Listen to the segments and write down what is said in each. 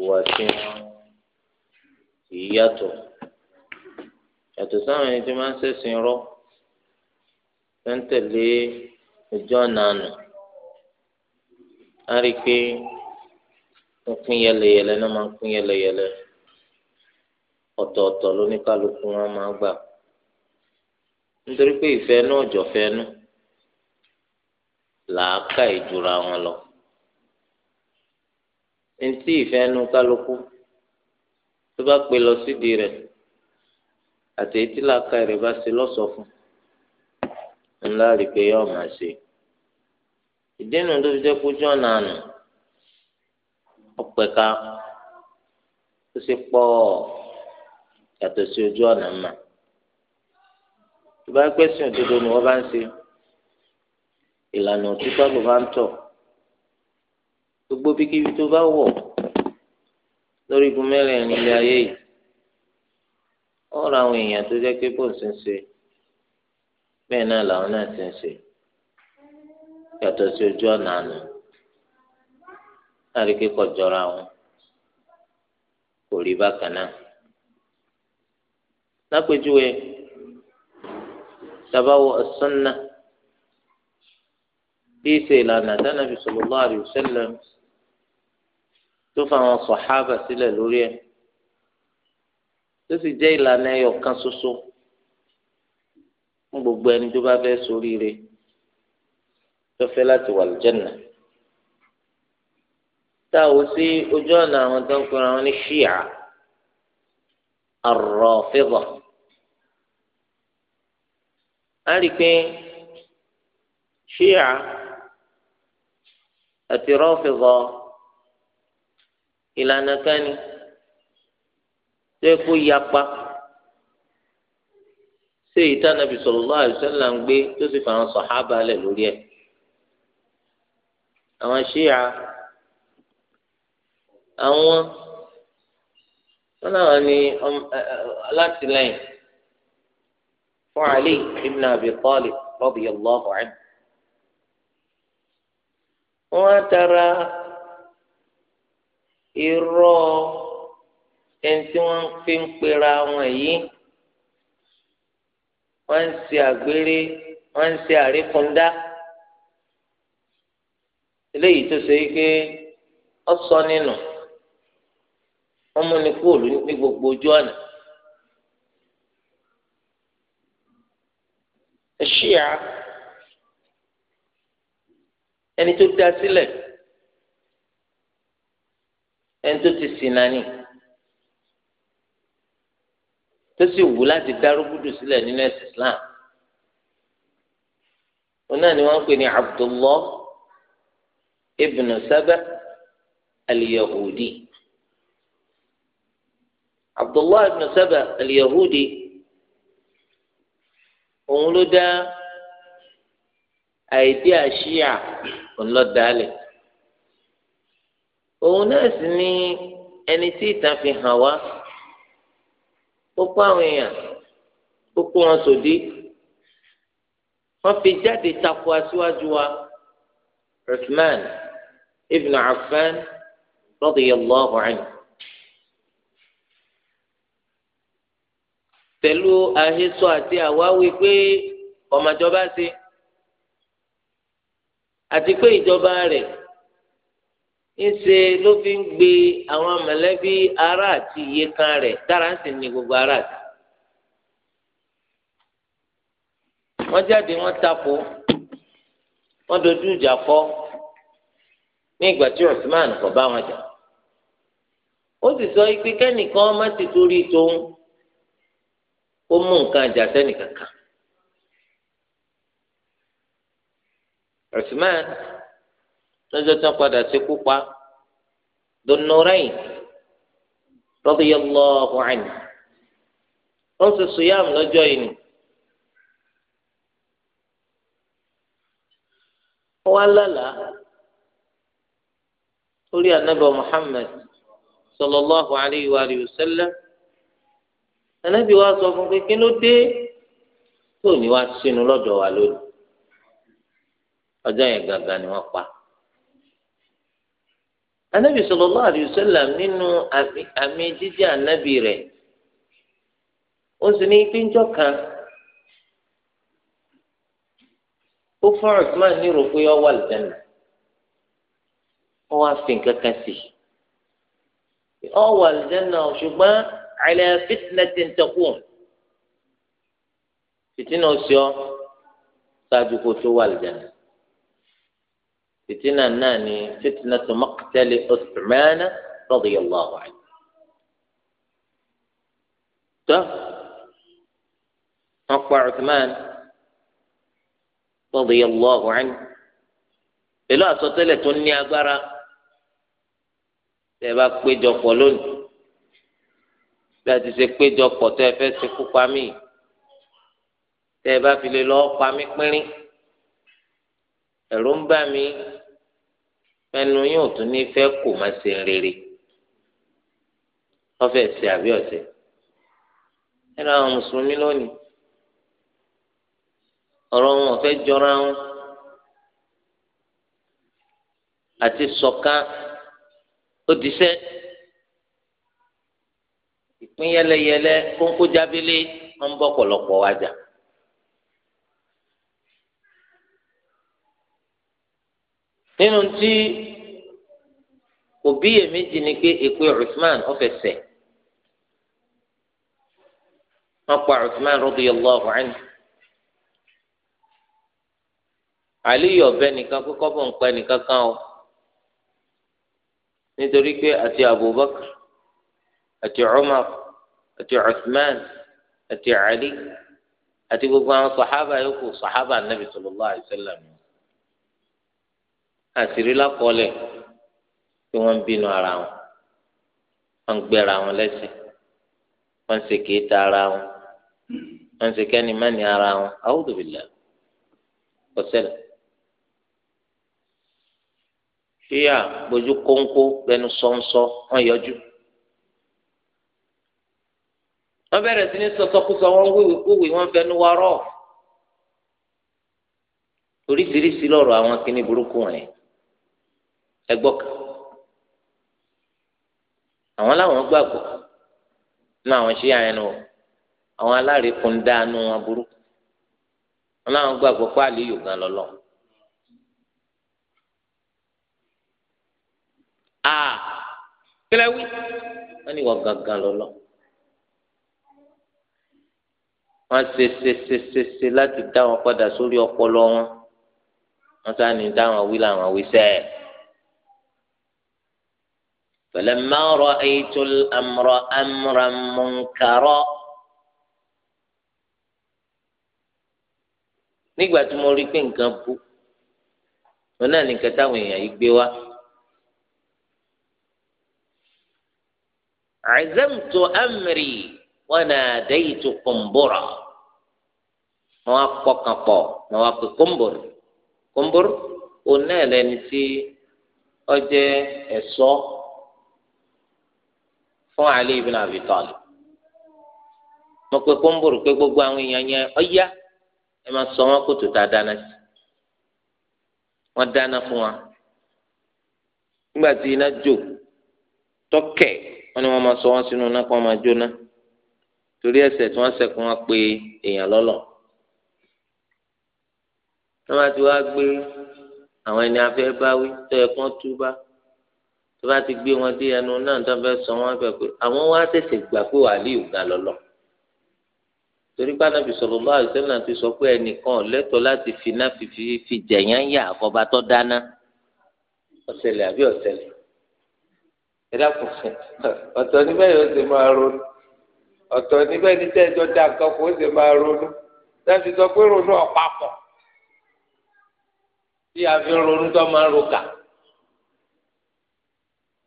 ìwà tí wọn kìí yàtọ̀ yàtọ̀ sáwọn ẹni tí wọn ṣẹ̀sìn rọ tó ń tẹ̀lé ọjọ́ nànà á rí i pé ń pín yẹlẹyẹlẹ náà máa ń pín yẹlẹyẹlẹ ọ̀tọ̀ọ̀tọ̀ lóníkálukú wọn máa gbà nítorí pé ìfẹ́ náà jọ̀fẹ́ nù làákà ìjura wọn lọ ntí ìfẹ́ nu kálukú tó bá pè lọ sídìí rẹ̀ àti etí làákà rẹ̀ bá ṣe lọ́sọ̀ fún ńlá rí pé yóò máa ṣe ìdínú tó fi jẹ́ kójú ọ̀nà àná ọ̀pẹ̀ka tó ṣe pọ̀ yàtọ̀ sí ojú ọ̀nà mà tó bá pẹ́ sí òdodo ni wọ́n bá ń ṣe ìlànà òtítọ́ ló bá ń tọ̀ gbogbo bíkíbi tó bá wọ̀ lórí igun mẹ́rẹ̀ẹ̀rin ilé ayé yìí ọ̀rọ̀ àwọn èèyàn tó jẹ́ pé bó ń ṣe ń ṣe bẹ́ẹ̀ náà làwọn náà ti ń ṣe yàtọ̀ sí ojú ọ̀nà àná láti kíkọ̀ jọra wọn kò rí bákan náà lápèjúwe tabawo as-sunnah bí ìṣe ìlànà tánàbí sallallahu alaihi wasallam tó fa àwọn sọ̀hábà sílẹ̀ lórí ẹ̀ tó sì jẹ́ ìlànà ẹyọ kan ṣoṣo fún gbogbo ẹni tó bá fẹ́ ṣoríire tó fẹ́ láti wà lójẹ́nà tá a wò sí ojú ọ̀nà àwọn tó ń pera wọn ní ṣíà ar-Rafida a rí i pé ṣíà àti Rafida ìlànà kan ni tó yẹ kó yapa ṣé ìtànàbì sallallahu alaihi wasallam ń gbé tó sì fà àwọn sàhábà lẹ̀ lórí ẹ̀ àwọn ṣíà àwọn wọn náà ní um, alátìlẹ́yìn fún Ali ibn Abi Talib radiyallahu anhu wọn tara. irọ́ ẹni tí wọ́n fi ń pera wọn yìí wọ́n ń ṣe àgbèrè wọ́n ń ṣe àríkúndá eléyìí tó ṣe pé ọ sọ nínú wọ́n mú ni kúrò ní gbogbo ojú ọ̀nà. ẹ̀ṣíà ẹni tó dá sílẹ̀. Si ẹni tó ti ṣìnà ni tó sì wù láti dárúgúdù sílẹ̀ nínú ẹ̀sìn Islam òun náà ni wọ́n ń pè ní Abdullah ibn Saba al-Yahudi Abdullah ibn Saba òun ló dá àìdí àṣìyà òun ló dálẹ̀ òun náà sì ni ẹni tí ìtàn fi hàn wá ó kó àwọn èèyàn ó kó wọn sòdí wọn fi jáde takò aṣíwájú wa Uthman ibn Affan radiyallahu anhu pẹ̀lú àhesọ àti àwáwí pé ọmọjọba ṣe àti pé ìjọba rẹ̀ ńṣe ló fi ń gbé àwọn mọ̀lẹ́bí ará àti iye kan rẹ̀ dára sí ni gbogbo ará àti. wọ́n jáde wọ́n tako wọ́n dojú ìjà kọ́ ní ìgbà tí Usman kò bá wọn jà ó sì sọ pé kẹ́nìkan má ti torí tóun ó mú nǹkan àjà sẹ́nìkankan. Usman lọ́jọ́ tán padà ṣekú pa. ذو النورين رضي الله عنه أنس الصيام لجين ولا لا قولي النبي محمد صلى الله عليه وآله وسلم النبي واصف في كل دي توني واسينو لدو والو أجاي غاغاني وقع anabi sallallahu alayhi wa sallam nínú àmì jíjẹ anabi rẹ ó sì ní pínjọ kan ó fún Usman nírò pé ó wà lẹ́nu ó wá fi nǹkan kan sí i ó wà lẹ́nu ṣùgbọ́n ala fitnatin taqum fìtínà oṣù ọ ṣáájú kó tó wà lẹ́nu fìtínà náà ni fìtínà tó mọ tẹ̀lé Uthman radiyallahu anhu. tó wọ́n pa Uthman radiyallahu anhu pẹ̀lú àsọtẹ́lẹ̀ tó ní agbára tẹ́ bá péjọpọ̀ lónìí bí a ti ṣe péjọpọ̀ tẹ́ fẹ́ ṣekú pa mí tẹ́ bá fi lè lọ pa mí pínrín ẹ̀rù ń bà mí ẹnu yóò tún ní fẹ́ kò má ṣe ń rere ọfẹ ṣe àbí ọsẹ ẹnu àwọn mùsùlùmí lónìí ọ̀rọ̀ wọn ọfẹ jọra wọn àti sọka ó ìpín yẹlẹyẹlẹ kónkó ń bọ pọ̀lọpọ̀ wájà. nínú tí òbí èméjì ni pé èpè Uthman ọ̀fẹ̀sẹ̀ wọ́n pa Uthman radiyallahu anhu àlíyọ̀ ọ̀bẹ nìkan kó kọ́ bọ̀ ń pẹ́ nìkan kan o nítorí pé àti Abubakar àti Umar àti Uthman àti Ali àti gbogbo àwọn sàhábà yòókù sàhábà nàbì sallallahu alaihi Asiri àṣírí lákọọ́lẹ̀. tí wọ́n ń bínú ara wọn wọ́n ń gbẹ́ra wọn lẹ́sẹ̀ wọ́n ń ṣe kéèta ara wọn wọ́n ń ṣe kẹ́ni mẹ́ni ara wọn a'udhu billah kò ṣẹlẹ̀. ṣíyà gbójú kóńkó lẹ́nu sọ́nsọ́ wọ́n yọjú wọ́n bẹ̀rẹ̀ sí ní sọsọkúsọ wọ́n wíwèkúwè wọ́n fẹnu wa rọ̀ oríṣiríṣi lọ́rọ̀ àwọn kíní burúkú wọn yẹn ẹgbọ́ kan àwọn làwọn gbàgbọ́ nínú àwọn ṣé àyẹn o àwọn alárekùn dánú wọn burú wọn làwọn gbàgbọ́ pé àlè yògán lọlọ. a kílẹ̀ wí wọ́n ní wọ́n gangan lọlọ. wọ́n ṣe ṣe ṣe ṣe ṣe láti dá wọn padà sórí ọpọlọ wọn wọ́n sáà ní dá wọn wí làwọn wí sẹ́ẹ̀. فلما رأيت الأمر أمرا منكرا nígbà tí mo rí pé nǹkan bú wọn náà nìkan táwọn èèyàn yìí gbé wá. azamtu amri wa nadaytu kumbura wọn á pọkàn pọ̀ wọn á pè kumburu kumburu òun náà lẹni tí ó jẹ́ ẹ̀ṣọ́ fún Ali ibn Abi Talib mo pe kóńbòrò pé gbogbo àwọn èèyàn yẹn ọyá ẹ máa sọ wọn kótó tá a dáná sí wọn dáná fún wa nígbà tí iná jó tọkẹ wọn ni wọn máa sọ wọn sínú iná kí wọn máa jóná torí ẹ̀ṣẹ̀ tí wọn ṣẹkùn wọn pe èèyàn lọlọ wọn máa ti wá gbé àwọn ẹni afẹ báwí tẹ ẹ kán túbá tó bá ti gbé wọn dé ẹnu náà tó fẹ́ sọ wọn fẹ́ pé àwọn wá tẹ̀sẹ̀ gbà pé wàlíù ga lọ́lọ́ torí pé Ànábì sallallahu alaihi wasallam ti sọ pé ẹnìkan lẹ́tọ̀ọ́ láti finá fífi fi jẹ̀yàn yà àfọba tó dáná ọ̀sẹ̀lẹ̀ àbí ọ̀sẹ̀lẹ̀ ẹ dákun ọ̀tọ̀ níbẹ̀ yóò ṣe máa ronú ọ̀tọ̀ níbẹ̀ ní tẹ́jọ́ dá nǹkan kó ṣe máa ronú láti sọ pé ronú ọ̀pápọ̀ tí a fi ronú tó máa ro kà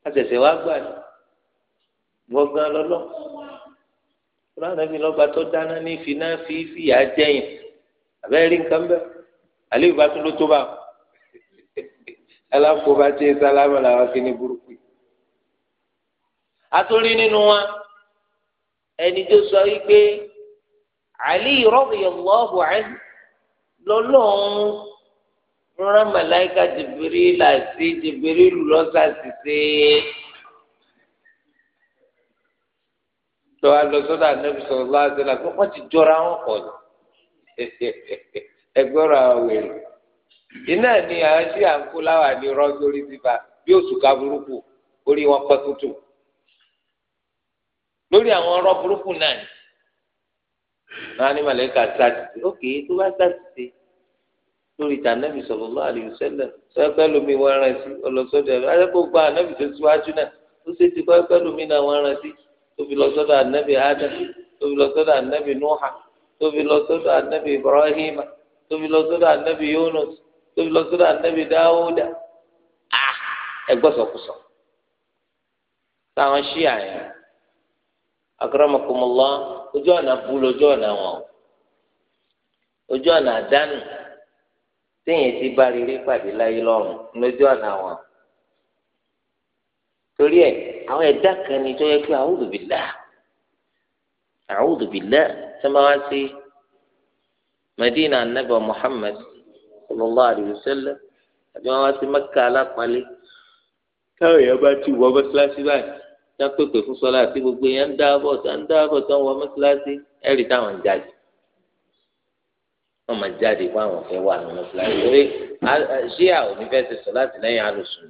àtẹ̀sẹ̀ wá gbà ní gbọ̀ngàn lọ́lọ́ kúránà mi lọ́ba tó dáná ní fínà fi fìyà jẹ́yìn àbẹ́ rí nǹkan bẹ́ẹ̀ àlejò bá tún ló tó bá alákòóbá tí ẹ sálámà làwọn kíní burúkú yìí. àtúrí nínú wa ẹni tó sọ wípé Ali radiyallahu anhu lọ́lọ́run rán màláìka jìbìrì làásì jìbìrì lùlọ́sà sì ṣe é. tó a lọ sọ́dọ̀ anabi sọ̀rọ̀ láti la kọ́kọ́ ti jọra wọn pọ̀ ní ẹgbẹ́rọ àwọn èrò. iná ni àwọn ṣí à ń kó láwà ní rọ́sórí síta bí burúkú orí wọn pẹ́ tútù. lórí àwọn ọ̀rọ̀ burúkú náà ni wọn á ní màlẹ́kà sátìsì ókè tó bá sátìsì lórí ìtàn anábì sallallahu alaihi wasallam sọpẹ lómi wọn rán sí ọlọsọdọ ẹrọ ayẹpọ gba anábì tó síwájú náà ó ti pẹpẹ lómi náà wọn rán sí tóbi lọsọdọ anábì adam tóbi lọsọdọ anábì nuha tóbi lọsọdọ anábì ibrahim tóbi lọsọdọ anábì yunus tóbi lọsọdọ anábì dáwúdà ah ẹgbọsọkùsọ táwọn ṣí ojú ọ̀nà ọ̀nà wọn ojú ọ̀nà àdánù. téèyàn ti bá rere pàdé láyé lọ́rùn lójú ọ̀nà wọn. torí ẹ àwọn ẹ̀dá kan ni tó yẹ pé a'udhu billah a'udhu billah tí wọ́n wá sí Madina anabi Muhammad sallallahu alayhi wa sallam àbí wọ́n wá sí Mẹ́kà alápàlẹ́ káwọn èèyàn bá ti wọ mọ́sálásí báyìí tá fún sọlá àti gbogbo èèyàn ń dá bọ̀ tá ń dá bọ̀ tá wọ mọ́sálásí ẹ̀rí táwọn ń jáde wọn máa jáde fún àwọn fẹ́ wà nínú fúláì torí ṣíà ò ní fẹ́ ti sọ láti lẹ́yìn alùsùn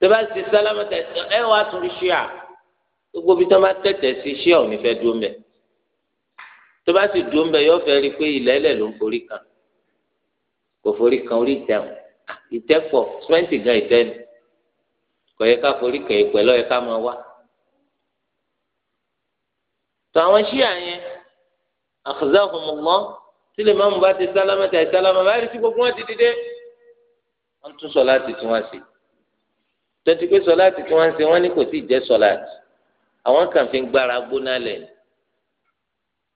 tó bá ti sálámà tẹ ẹ wá tún rí ṣíà gbogbo bí tó bá tẹ̀tẹ̀ sí ṣíà ò ní fẹ́ dúró mbẹ tó bá sì dúró mbẹ yóò fẹ́ rí i pé ìlẹ́lẹ̀ ló ń forí kan kò forí kan orí ìtẹ̀wọ̀n ah, ìtẹ́pọ̀ sẹ́ńtì gan ìtẹ́ni kò yẹ ká forí kẹ̀yìn pẹ̀lú ọ̀yẹ ká máa wá. tó àwọn ṣíà yẹn akhzahumullah tí lè máàmù bá ti sálámà tàì sálámà báyìí tí gbogbo wọn ti dìde wọn tún sọláàtì tí wọn ṣe tọ́tí pé sọláàtì tí wọn ṣe wọn ní kò tí ì jẹ́ sọláàtì àwọn kan fi ń gbára gbóná lẹ̀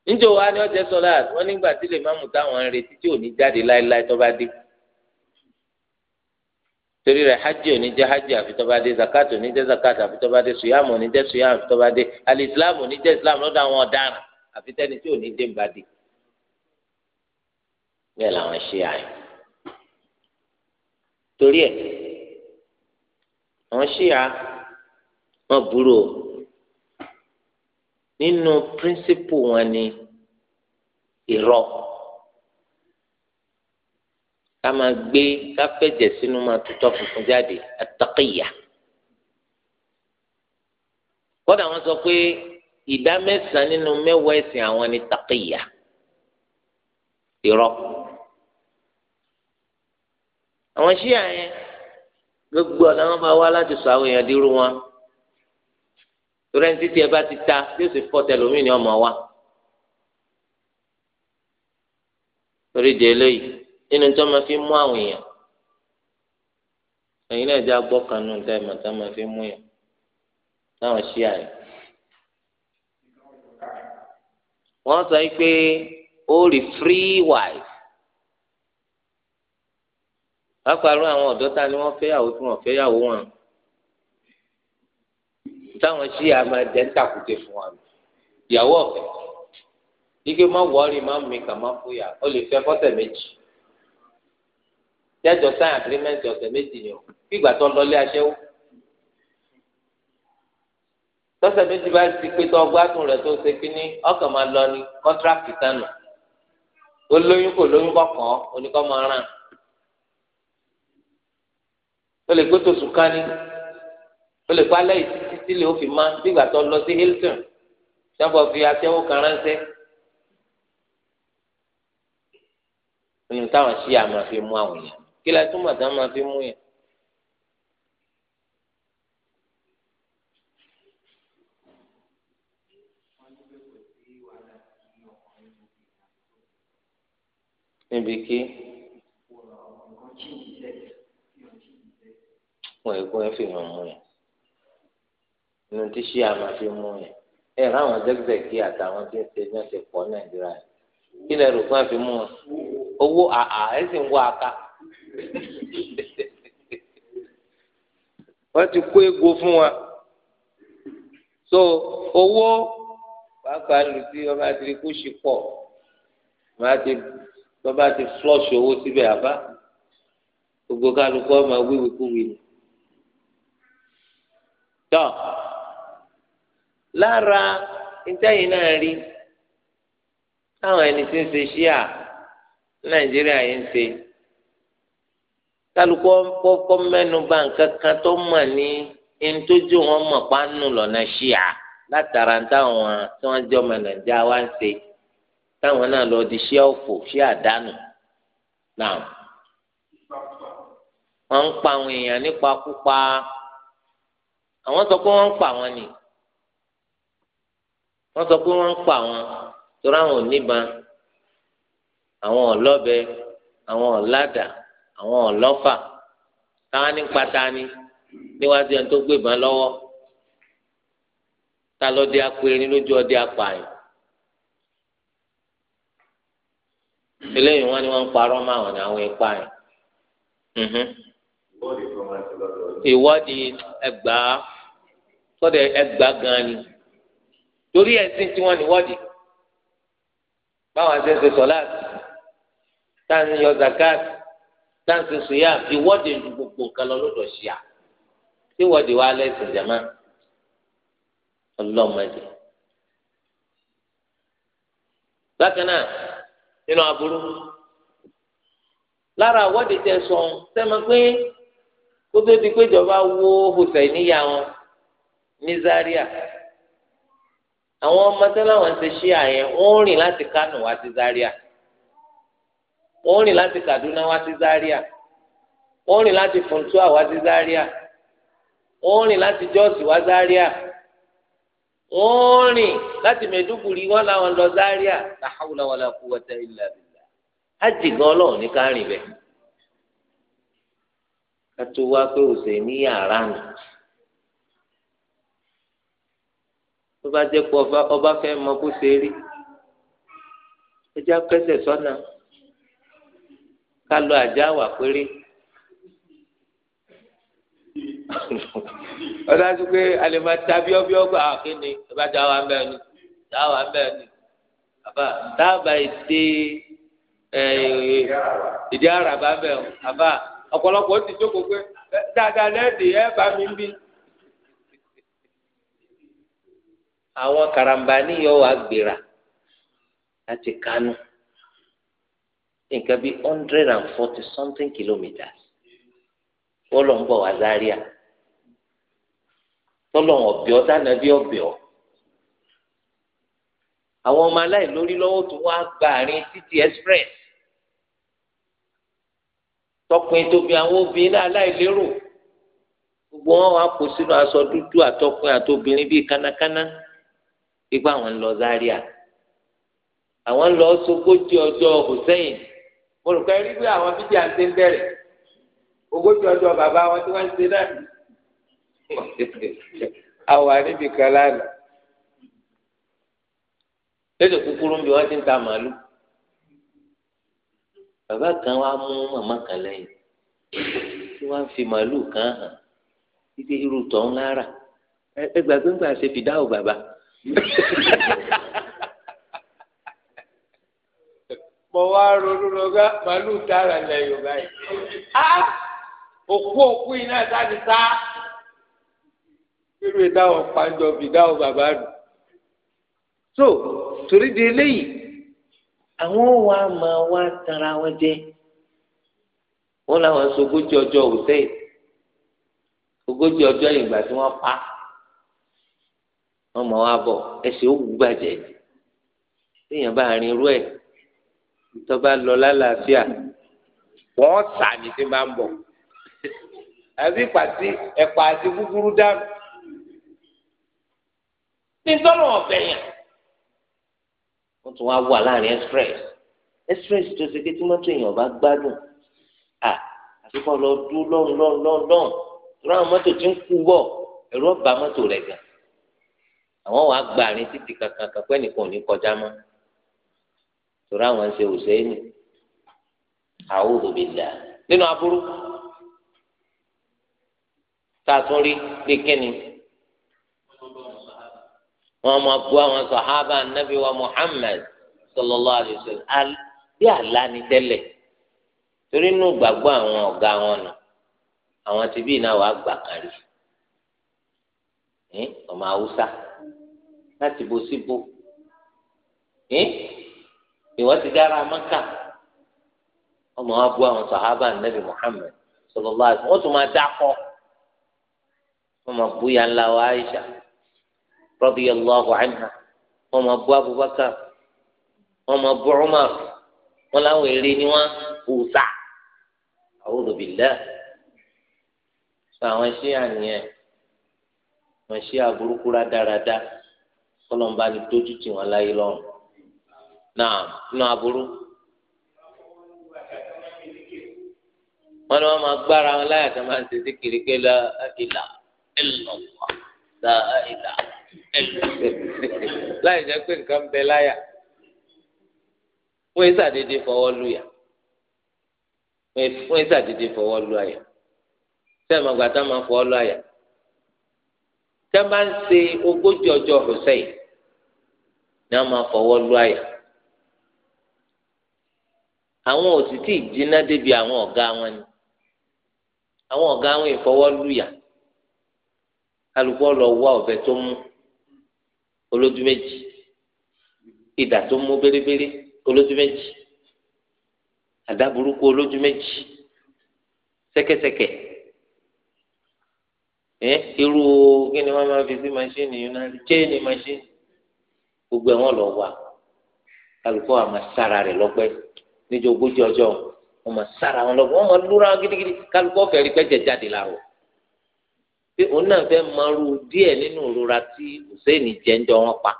níjọ wa ni wọn jẹ́ sọláàtì wọn nígbà tí lè máàmù táwọn ń retí tí ò ní jáde láéláé tó bá dé torí rẹ̀ hajj ò ní jẹ́ hajj àfi tó bá dé zakat ò ní jẹ́ zakat àfi tó bá dé suyamu ò ní jẹ́ suyamu àfi tó bá dé alislam ò ní jẹ́ islam lọ́dọ̀ àwọn ọ̀daràn àfi tẹ́ni tí ò ní dé ń ba dé bẹ́ẹ̀ làwọn ṣe àyàn torí ẹ̀ àwọn ṣíà wọn burú o nínú píríncípù wọn ni irọ́ ká máa gbé ká fẹ̀jẹ̀ sínú máa tutọ́ funfun jáde àtàkìyà kódà wọn sọ pé ìdá mẹ́sàn-án nínú mẹ́wàá ẹ̀sìn àwọn ni takiya irọ́ àwọn ṣíà yẹn gbogbo ọ̀nà wọn bá wá láti sọ àwọn èèyàn dírú wọn torí ẹni títí ẹ bá ti ta tí ó sì fọ́ tẹlómi ni ọmọ wa torí di eléyìí nínú tó máa fi mú àwọn èèyàn ẹ̀yin náà jẹ́ agbọ́kanú tẹ́ ẹ̀ mọ̀ tó máa fi mú yàn táwọn ṣíà yẹn. wọ́n sọ pé ó rí free wife pápárọ àwọn ọ̀dọ́ ta ni wọ́n fẹ́yàwó tí wọ́n fẹ́yàwó wọn táwọn ṣí àmà jẹ́ ń tàkùté fún wa ìyàwó ọ̀fẹ́ ike má wọ́ọ̀rì má mi kà má fúyà ó lè fẹ́ fọ́tẹ̀ méjì jẹ́jọ́ sign agreement ọ̀sẹ̀ méjì ni o bí ìgbà tó lọlé aṣẹ́wó tọ́sẹ̀ méjì bá ti pé tó ọgbádùn rẹ̀ tó ṣe kínní ọkàn máa lọ ní kọ́ńtrákì tánù ó lóyún kò lóyún kọ̀ọ̀kan oníkọ́ máa ràn ó lè gbé tòṣù ká ní ó lè pa lẹ́yìn títí tí lè ó fi máa nígbà tó lọ sí Hilton sábà fi aṣẹ́wó kan ránṣẹ́ oyún táwọn ṣí àmà fi mú àwọn èèyàn kí la túmọ̀ tá máa fi mú yẹn níbi kí wọn ẹ̀gbọ́n ẹ fi mọ mú yẹn inú tí ṣí àmà fi mú yẹn ẹ ráwọn zẹgzẹgì àtàwọn tí ń ṣe ní ẹsẹ pọ nàìjíríà kí lẹ rò fún àfi mú wọn owó àà ẹ sì ń wọ aka wọn ti kó ego fún wa so owó pàápàá lùtí ọba àti kó ṣì pọ wọn ti tó bá ti flush owó síbẹ̀ àbá gbogbo kálukú ọmọ wíwí kúwì ni. tọ́ lára ìtẹ́yìn náà rí táwọn ẹni tí ń ṣe ṣíà nàìjíríà yìí ń ṣe kálukú kọ́kọ́ mẹ́nu bà nǹkan kan tó mọ̀ ní ẹni tó jó wọn mọ̀ pa lọ́nà ṣíà látara táwọn tí wọ́n jọ ọmọ nàìjíríà wá ń ṣe káwọn náà lọ di ṣé ọ̀fọ̀ ṣé àdánù náà wọ́n ń pa àwọn èèyàn nípa púpa àwọn sọ pé wọ́n ń pa àwọn ni wọ́n sọ pé wọ́n ń pa àwọn torí àwọn oníbọn àwọn ọlọ́bẹ àwọn ọ̀làdà àwọn ọlọ́fà táwọn ní pata ni níwájú ẹni tó gbébọn lọ́wọ́ ta lọ́ọ́ di apẹ̀rin lójú ọdẹ apààyàn. eléyìí wọn ni wọn ń parọ́ mọ́ àwọn ní àwọn ipa yẹn mhm. ìwọ́de ẹgbàá sọ́dọ̀ ẹgbàá gan ni torí ẹ̀sìn tí wọ́n ní wọ́de báwọn ṣe ń ṣe sọ́láàtì táwọn ń yọ zakati táwọn ń ṣe sùyà ìwọ́de ju gbogbo nǹkan lọ lọ́dọ̀ ṣíà tí ìwọ́de wa lẹ́sìn jàmá ọlọ́mọdé bákan náà nínú aburú lára àwọ́de tẹ sọ sẹ́mi pé kó tó di pé ìjọba wó hùsẹ̀ níyà wọn ní Zaria àwọn ọmọ tẹ́lá wọn ṣe ṣí àyẹn wọ́n rìn láti Kánò wá sí Zaria wọ́n rìn láti Kaduna wá sí Zaria wọ́n rìn láti Funtua wá sí Zaria wọ́n rìn láti Jos wá Zaria wọ́n rìn láti Maiduguri wọ́n làwọn lọ Zaria la hawla wala quwwata illa billah ájì gan Ọlọ́run ní ká rìn bẹ kátó wá pé òsè ní yàrá nù tó bá jẹ́ pé ọba fẹ́ mọ kó ṣe rí ẹjẹ akẹsẹ sọ́nà ká lọ àjà wà péré. ọdájú pé alẹ́ máa ta bí ọbí ọgbà ah, kíni ẹ bá dá wa bẹ́ẹ̀ ni dá wa bẹ́ẹ̀ ni àbá dáàbà ètè ìdí àràbà bẹ́ẹ̀ o àbá ọ̀pọ̀lọpọ̀ ó ti jókòó pé dáadáa lẹ́ẹ̀dì ẹ bá mi bí. àwọn karamba níyọ wà gbéra láti Kánò nǹkan bíi hundred and forty something kilometres ó lọ ń bọ̀ wá Zaria tọ́lọ̀ ọ̀bẹ ọ́ tánàbí ọ̀bẹ ọ́ àwọn ọmọ aláìlórí lọ́wọ́ tó wá gba àárín títí express tọkùnrin tóbi àwọn obìnrin náà aláìlérò gbogbo wọn wá kó sínú aṣọ dúdú àtọkùnrin àtobìnrin bíi kánákáná pípa àwọn ń lọ Zaria àwọn ń lọ sógójì ọjọ́ Hussein olùkọ́ ẹ̀rí pé àwọn bíbí àti ń bẹ̀rẹ̀ ogójì ọjọ́ bàbá wọn tí wọ́n ń ṣe náà àwa níbi kan lánàá lédè kúkúrú bí wọn ti ń ta màálù bàbá kan wa mú màmá kan lẹ́yìn tí wọn fi màálù kan hàn títí irú tọ̀ ń ẹ gbàgbé ńgbà ṣe fi dáhùn bàbá mo wá ronú lọ́gá màálù dára lẹ́yìn báyìí òkú òkú iná sáà ti irú ìdáhùn pàjọ fìdáhùn bàbá rẹ̀ so torí di eléyìí àwọn wa máa wá tara wọn jẹ wọn làwọn sogójì ọjọ́ hùsẹyìn ogójì ọjọ́ ìgbà tí wọn pa wọn mọ wá bọ ẹsẹ̀ òwú gbàjẹ téèyàn bá rin irú ẹ tó lọ lálàáfíà wọn sà ní tí máa ń bọ àbí pàtí ẹ̀pà àti gúgúrú dànù ní tọ́lọ̀ ọ̀bẹ yẹn. wọ́n tún wá wà láàrin express express tó ṣe pé tí mọ́tò èèyàn bá gbádùn à àfikún lọ dún lọ́n lọ́n lọ́n lọ́n tó ráwọn mọ́tò tí ń kú bọ̀ ẹ̀rọ bà mọ́tò rẹ̀ gà àwọn wàá gba àárín títì kankan kan nìkan ò ní kọjá mọ́ tó ráwọn ń ṣe òṣèlú àwòrán mi dà nínú aburú tá a tún rí bí kíni. wọn máa bu àwọn sàhábà nàbí wa Muhammad sallallahu alayhi bí àlá ni tẹ́lẹ̀ torí inú gbàgbọ́ àwọn ọ̀gá wọn nù àwọn tí náà wàá gbà ọmọ haúsá láti bo ti dára Muhammad sallallahu alayhi wọ́n tún máa dákọ́ ya ńlá Aisha. radiyallahu anha wọ́n máa bú Abubakar wọ́n máa bú Umar wọ́n láwọn èrè ni wọ́n òòsà a'udhu billah sọ àwọn iṣẹ́ àníyàn wọ́n ṣe àbúrúkú rádaràda kọlọmba ni tójú tì wọ́n láyé lọ́rùn náà nínú aburú wọ́n ní wọ́n máa gbára wọn láyà tó máa ń ṣe sí kiri pé la ìlà ìlọ̀wọ̀ la ìlà. láì jẹ́ pé nǹkan bẹ láyà wọ́n ṣàdédé fọwọ́ lùyà wọ́n ṣàdédé fọwọ́ lù àyà sẹ́mi àgbàtà máa fọwọ́ lù àyà tẹ́ bá ń ṣe ogójì ọjọ́ Hussein ni a máa fọwọ́ lù àyà àwọn ò sì tíì jiná débi àwọn ọ̀gá wọn ni àwọn ọ̀gá wọn ìfọwọ́ lùyà alùpùpù lọ wá ọ̀bẹ tó mú olójú méjì idà tó mú bérebére olójú méjì àdá burúkú olójú méjì ṣẹ̀kẹ̀ṣẹ̀kẹ̀ ẹ irú kí ni wọn máa fi sí machine yìí náà chéènì machine gbogbo ẹ wọn lọ wà kálukọ àwọn máa sára rẹ lọgbẹ níjọ ogójì ọjọ́ wọn máa sára wọn lọgbẹ wọn máa lúra gidigidi kálukọ fẹẹ rí pẹjẹ jáde láàrọ pé òun náà fẹ́ mọrú díẹ̀ nínú ìrora tí hùsẹ́ẹ̀nì jẹ́ńjọ́ wọn pa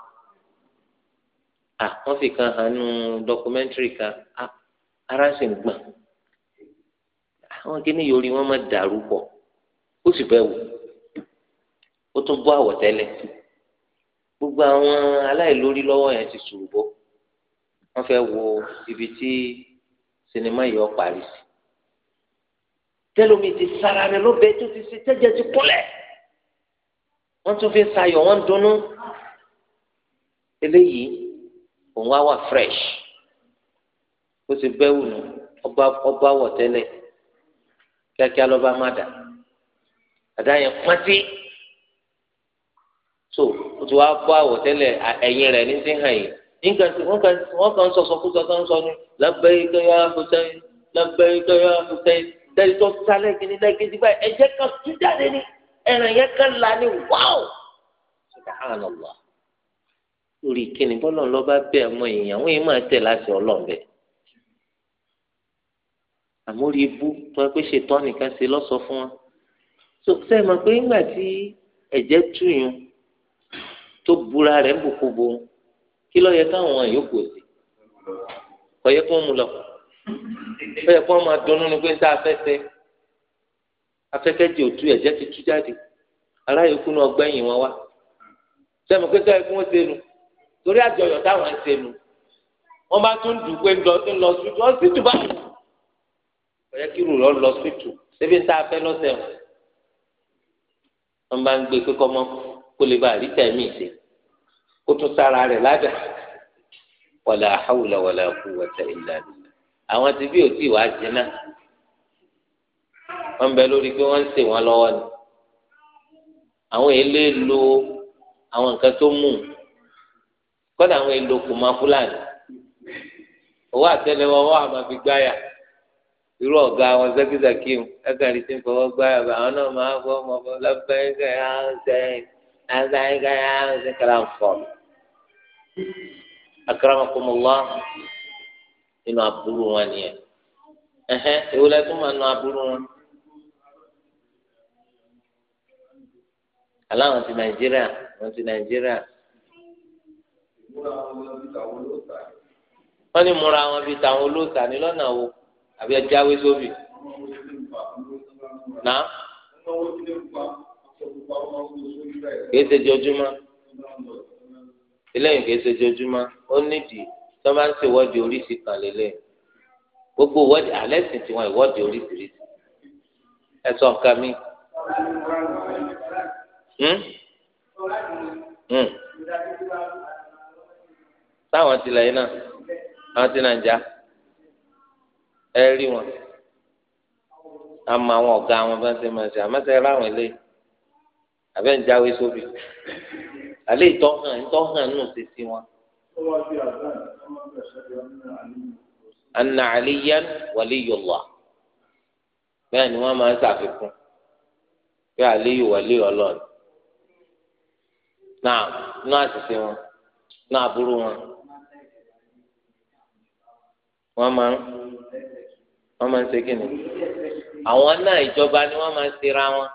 à wọ́n fi kan hàn nú dọkumẹ́ntìrì kan à ara sì ń gbọ̀n àwọn kìíní yorì wọn máa dàrú pọ̀ ó sì bẹ́ẹ̀ wò ó tún bọ́ àwọ̀tẹ́lẹ̀ gbogbo àwọn aláìlórí lọ́wọ́ yẹn ti sùrù bọ́ wọ́n fẹ́ wo ibi tí sinimá yìí ó parí sí tẹlomi ti sara rẹ lọbẹ tó ti ṣe tẹjẹ ti kúlẹ̀ wọn tún fi sayọ wọn dùnnú eléyìí òun wá wà fresh ó ti bẹ́wù nù ọba ọba wọ̀ tẹ́lẹ̀ kíákíá lọ́ba má dà àdá yẹn pátí so ó ti wá bọ́ àwọ̀ tẹ́lẹ̀ ẹ̀yìn rẹ̀ ní ti hàn yìí nígbà tí wọ́n kàn ń sọ̀sọ̀ kú sọ̀tàn sọ ni lábẹ́ ikẹ́ yá hùsẹ́yìn lábẹ́ ikẹ́ yá hùsẹ́yìn tẹ̀lé tó sálẹ̀ gidi lẹ́gidi báyìí ẹ̀jẹ̀ kan tú jáde ní ẹ̀ràn yẹn kan là ní wáò subhanallah lórí kíni bọ́lọ̀ ń lọ bá bẹ̀ ọmọ èèyàn wọ́n yìí máa tẹ̀ láti ọlọ́ọ̀bẹ àmórí ibú tó ẹ pé ṣètọ́ nìkan ṣe lọ́sọ̀ fún wa tó sẹ́ mọ̀ pé nígbà tí ẹ̀jẹ̀ túyùn tó bura rẹ̀ ń bùkún bo kí lọ́ọ́ yẹ káwọn yòókù sí ọ̀yẹ́ ó yẹ kó wọn máa dunnú ni pé ń tá afẹ́fẹ́ afẹ́fẹ́ di òtú ẹ̀jẹ̀ ti tú jáde aláyòókù náà gbẹ̀yìn wọn wá sẹ́mi pé sẹ́yìn kí wọ́n ṣe nu torí àjọyọ̀ táwọn ń ṣe nu wọ́n bá tún dùn pé ń lọ sùtù wọ́n sì tù bá wù ó yẹ kí rúurọ́ lọ sùtù ṣébi ń tá afẹ́ lọ́sẹ̀ wọn wọ́n bá ń gbé pé kọ́mọ́ kó lè bá àrí tẹ̀mí ìṣe kó tún sára rẹ̀ ládàá wàlà hàwùlà wàlà kú wàtà àwọn tí bí òtí wàá jiná wọn bẹ lórí pé wọn ń sè wọn lọ́wọ́ ni àwọn èlé lo àwọn nǹkan tó mú kọ́dà àwọn èlò kò máa fúlàní owó àtẹ́lẹwọ́ wọn àmọ́ fi gbáyà irú ọ̀gá wọn sẹ́kítàkì ẹ̀kàrí tí ń fọwọ́ gbáyà bá àwọn náà máa fọ́ ọmọ fọ́ lábẹ́ẹ́kẹ́ áńsẹ́ áńsẹ́ áńsẹ́ kàrà ń fọ́ àkàrà ọmọkùnrin lọ́wọ́ nínú aburú wọn nìyẹn ẹhẹn ewúrẹ́ tó máa nu aburú wọn. aláwọn ti nàìjíríà wọn ti nàìjíríà. wọ́n ní múra wọn bíi tàwọn olóòtà ní lọ́nà wo àbí ẹja awé sóbì. náà kìí ṣe jojúmọ́ eléyìí kìí ṣe jojúmọ́ ó nídìí tó máa ń ṣe ìwọ́de oríṣi kan lélẹ̀ gbogbo ìwọ́de alẹ́ sì ti wọn ìwọ́de oríṣiríṣi ẹ sọ nǹkan mi. Hmm? Hmm. táwọn ti lẹ́yìn náà àwọn ti nàìjà ẹ rí wọn àmọ́ àwọn ọ̀gá wọn bá ń ṣe máa ṣe àmọ́ ṣe ra àwọn eléyìí àbẹ́ ń jáwé sóbì àlẹ́ ìtọ́ hàn ìtọ́ hàn nù sí sí wọn anna aliyan waliyullah bẹ́ẹ̀ ni wọ́n máa ń ṣàfikún pé aliyu waliyu ọlọ́run náà náà àṣìṣe wọn náà aburú wọn wọ́n máa ń wọ́n máa ń ṣe kíni àwọn náà ìjọba ni wọ́n máa ń ṣera wọn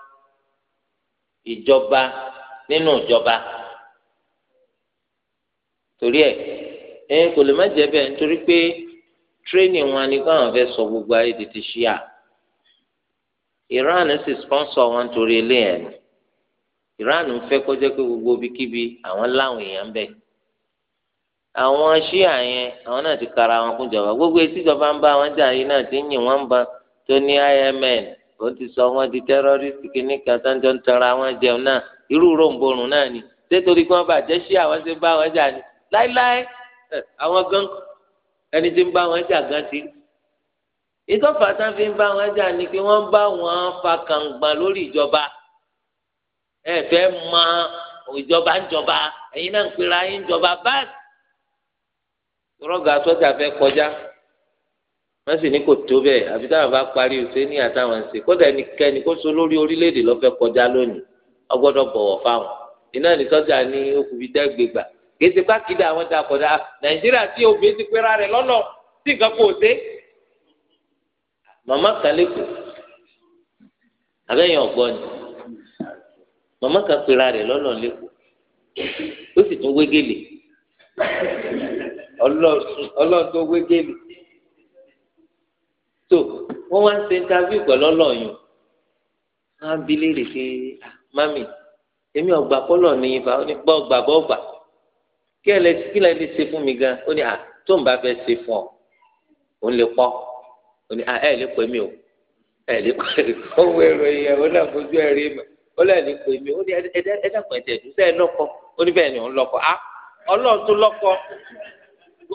ìjọba nínú ìjọba. No, torí ẹ ẹ kò lè má jẹ wọn ni káwọn sọ gbogbo ayé tètè shia. Iran si sponsor wọn torí eléyẹn ni Iran ń fẹ́ kọjá pé gbogbo bíkíbi àwọn láwọn èèyàn àwọn ṣíà yẹn àwọn náà ti gbogbo etí ìjọba ń bá ti ń yìn wọn IMN ó sọ wọn di tẹrọrìsì kìíní kan ń tara wọn jẹun ni kí wọn ṣíà wọn láíláí àwọn gan ẹni tí ń bá wọn jà gan ti ìtọ́fà tá fi ń bá wọn jà ni pé wọ́n ń bá wọn fa kàǹgbà lórí ìjọba ẹ fẹ́ mọ ìjọba ń jọba ẹ̀yin náà ń pera yín ń jọba báàsì rọ́gà sọ́jà fẹ́ kọjá wọ́n sì ní kò tó bẹ́ẹ̀ àfi táwọn bá parí oṣù ní àtàwọn ṣe kódà ẹnikẹ́ni kó so lórí orílẹ̀-èdè lọ́fẹ́ kọjá lónìí ọgbọ́dọ̀ bọ̀wọ̀ fáwọn iná ní sọ́jà ní okùnfídẹ́gbẹ̀gbà kì í ṣe pé àkìdá àwọn ta kọ̀dá nàìjíríà tí obìnrin ti pera rẹ̀ lọ́nà tí nǹkan kò dé. màmá kan lẹ́kọ̀ọ́ abẹ́yẹn ọ̀gbọ́n ni màmá kan pera rẹ̀ lọ́nà lẹ́kọ̀ọ́ ó sì tún wégele ọlọ́run tó wégele tó wọ́n wá ń ṣe interview pẹ̀lú ọlọ́yún wọ́n á bi léèrè pé ah, mami èmi ọgbà kọ́lọ̀ ní ibà ó ní gbọ́ gbà bọ́ gbà. kí ẹ kí ẹ fún mi gan ó ní à tó ń bá fẹ́ ṣe fún ọ ò ń lè ó ní à ẹ lè pè o ẹ lè pè mí O wọ ó náà fojú ẹ rí mi ó lè lè pè mí ó ní ẹ dàpọ̀ ẹ̀jẹ̀ ìdúsẹ́ ẹ lọ́kọ ó ní bẹ́ẹ̀ ni òun lọ́kọ á ọlọ́run tó lọ́kọ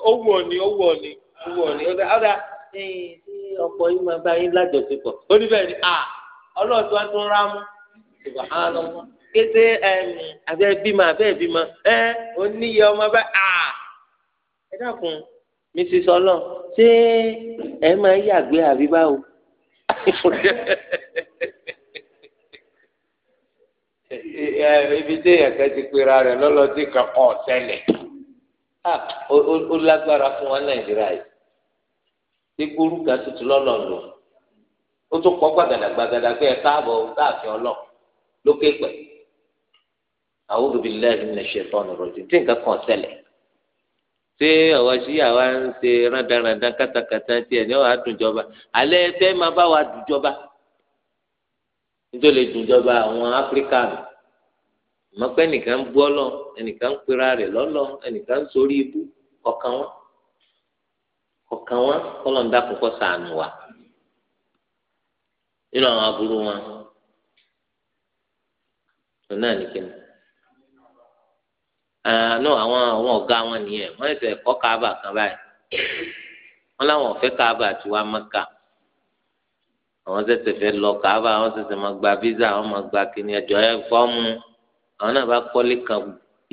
ó wù ọ ní ó wù ọ ní ó wù ó ọkọ yìí máa bá yín lájọṣepọ̀ ó ní bẹ́ẹ̀ ni à ọlọ́run tó wá tó ń rámú kété abẹ́ bímọ abẹ́ bímọ ẹ oníyẹ ọmọ bá a ẹ dákun mi ti sọ lọ ṣé ẹ máa yàgbé àbí báwo ibi tí èèyàn kan ti pera rẹ̀ lọ́lọ́dún kan kọ́ sẹ́lẹ̀ ó lágbára fún wa nàìjíríà yìí tí gbórúkà tuntun lọ́nà lò ó tún kọ́ gbàgàdàgbàgàdà pé ẹ káàbọ̀ láàfin ọlọ́ lókè pẹ̀lú a'udhu billahi minash shaitani rajim tí nǹkan kan ṣẹlẹ̀ ṣé àwa sí àwa ń ṣe rádaràdà kátàkátà tiẹ̀ ní ọ̀hà dùnjọba alẹ́ fẹ́ máa bá wa dùnjọba nítorí dùnjọba àwọn áfíríkà nù mọ̀pẹ́ nìkan ń bú ọlọ́ ẹnìkan ń pera rẹ̀ lọ́lọ́ ẹnìkan ń sorí ibú ọ̀kan wọn ọ̀kan wọn kọ́lọ́ńdà kọ́kọ́ sànù wa nínú àwọn aburú wọn. Eh, no àwọn àwọn ọ̀gá wọn nìyẹn wọ́n ṣẹ̀ṣẹ̀ kọ́ káàbà kan báyìí wọ́n láwọn ọ̀fẹ́ káàbà tí wàá mọ́kà àwọn ṣẹ̀ṣẹ̀ fẹ́ lọ káàbà àwọn ṣẹ̀ṣẹ̀ máa gba visa àwọn máa gba kíní ẹjọ́ ẹ fọ́ọ̀mù àwọn náà bá kọ́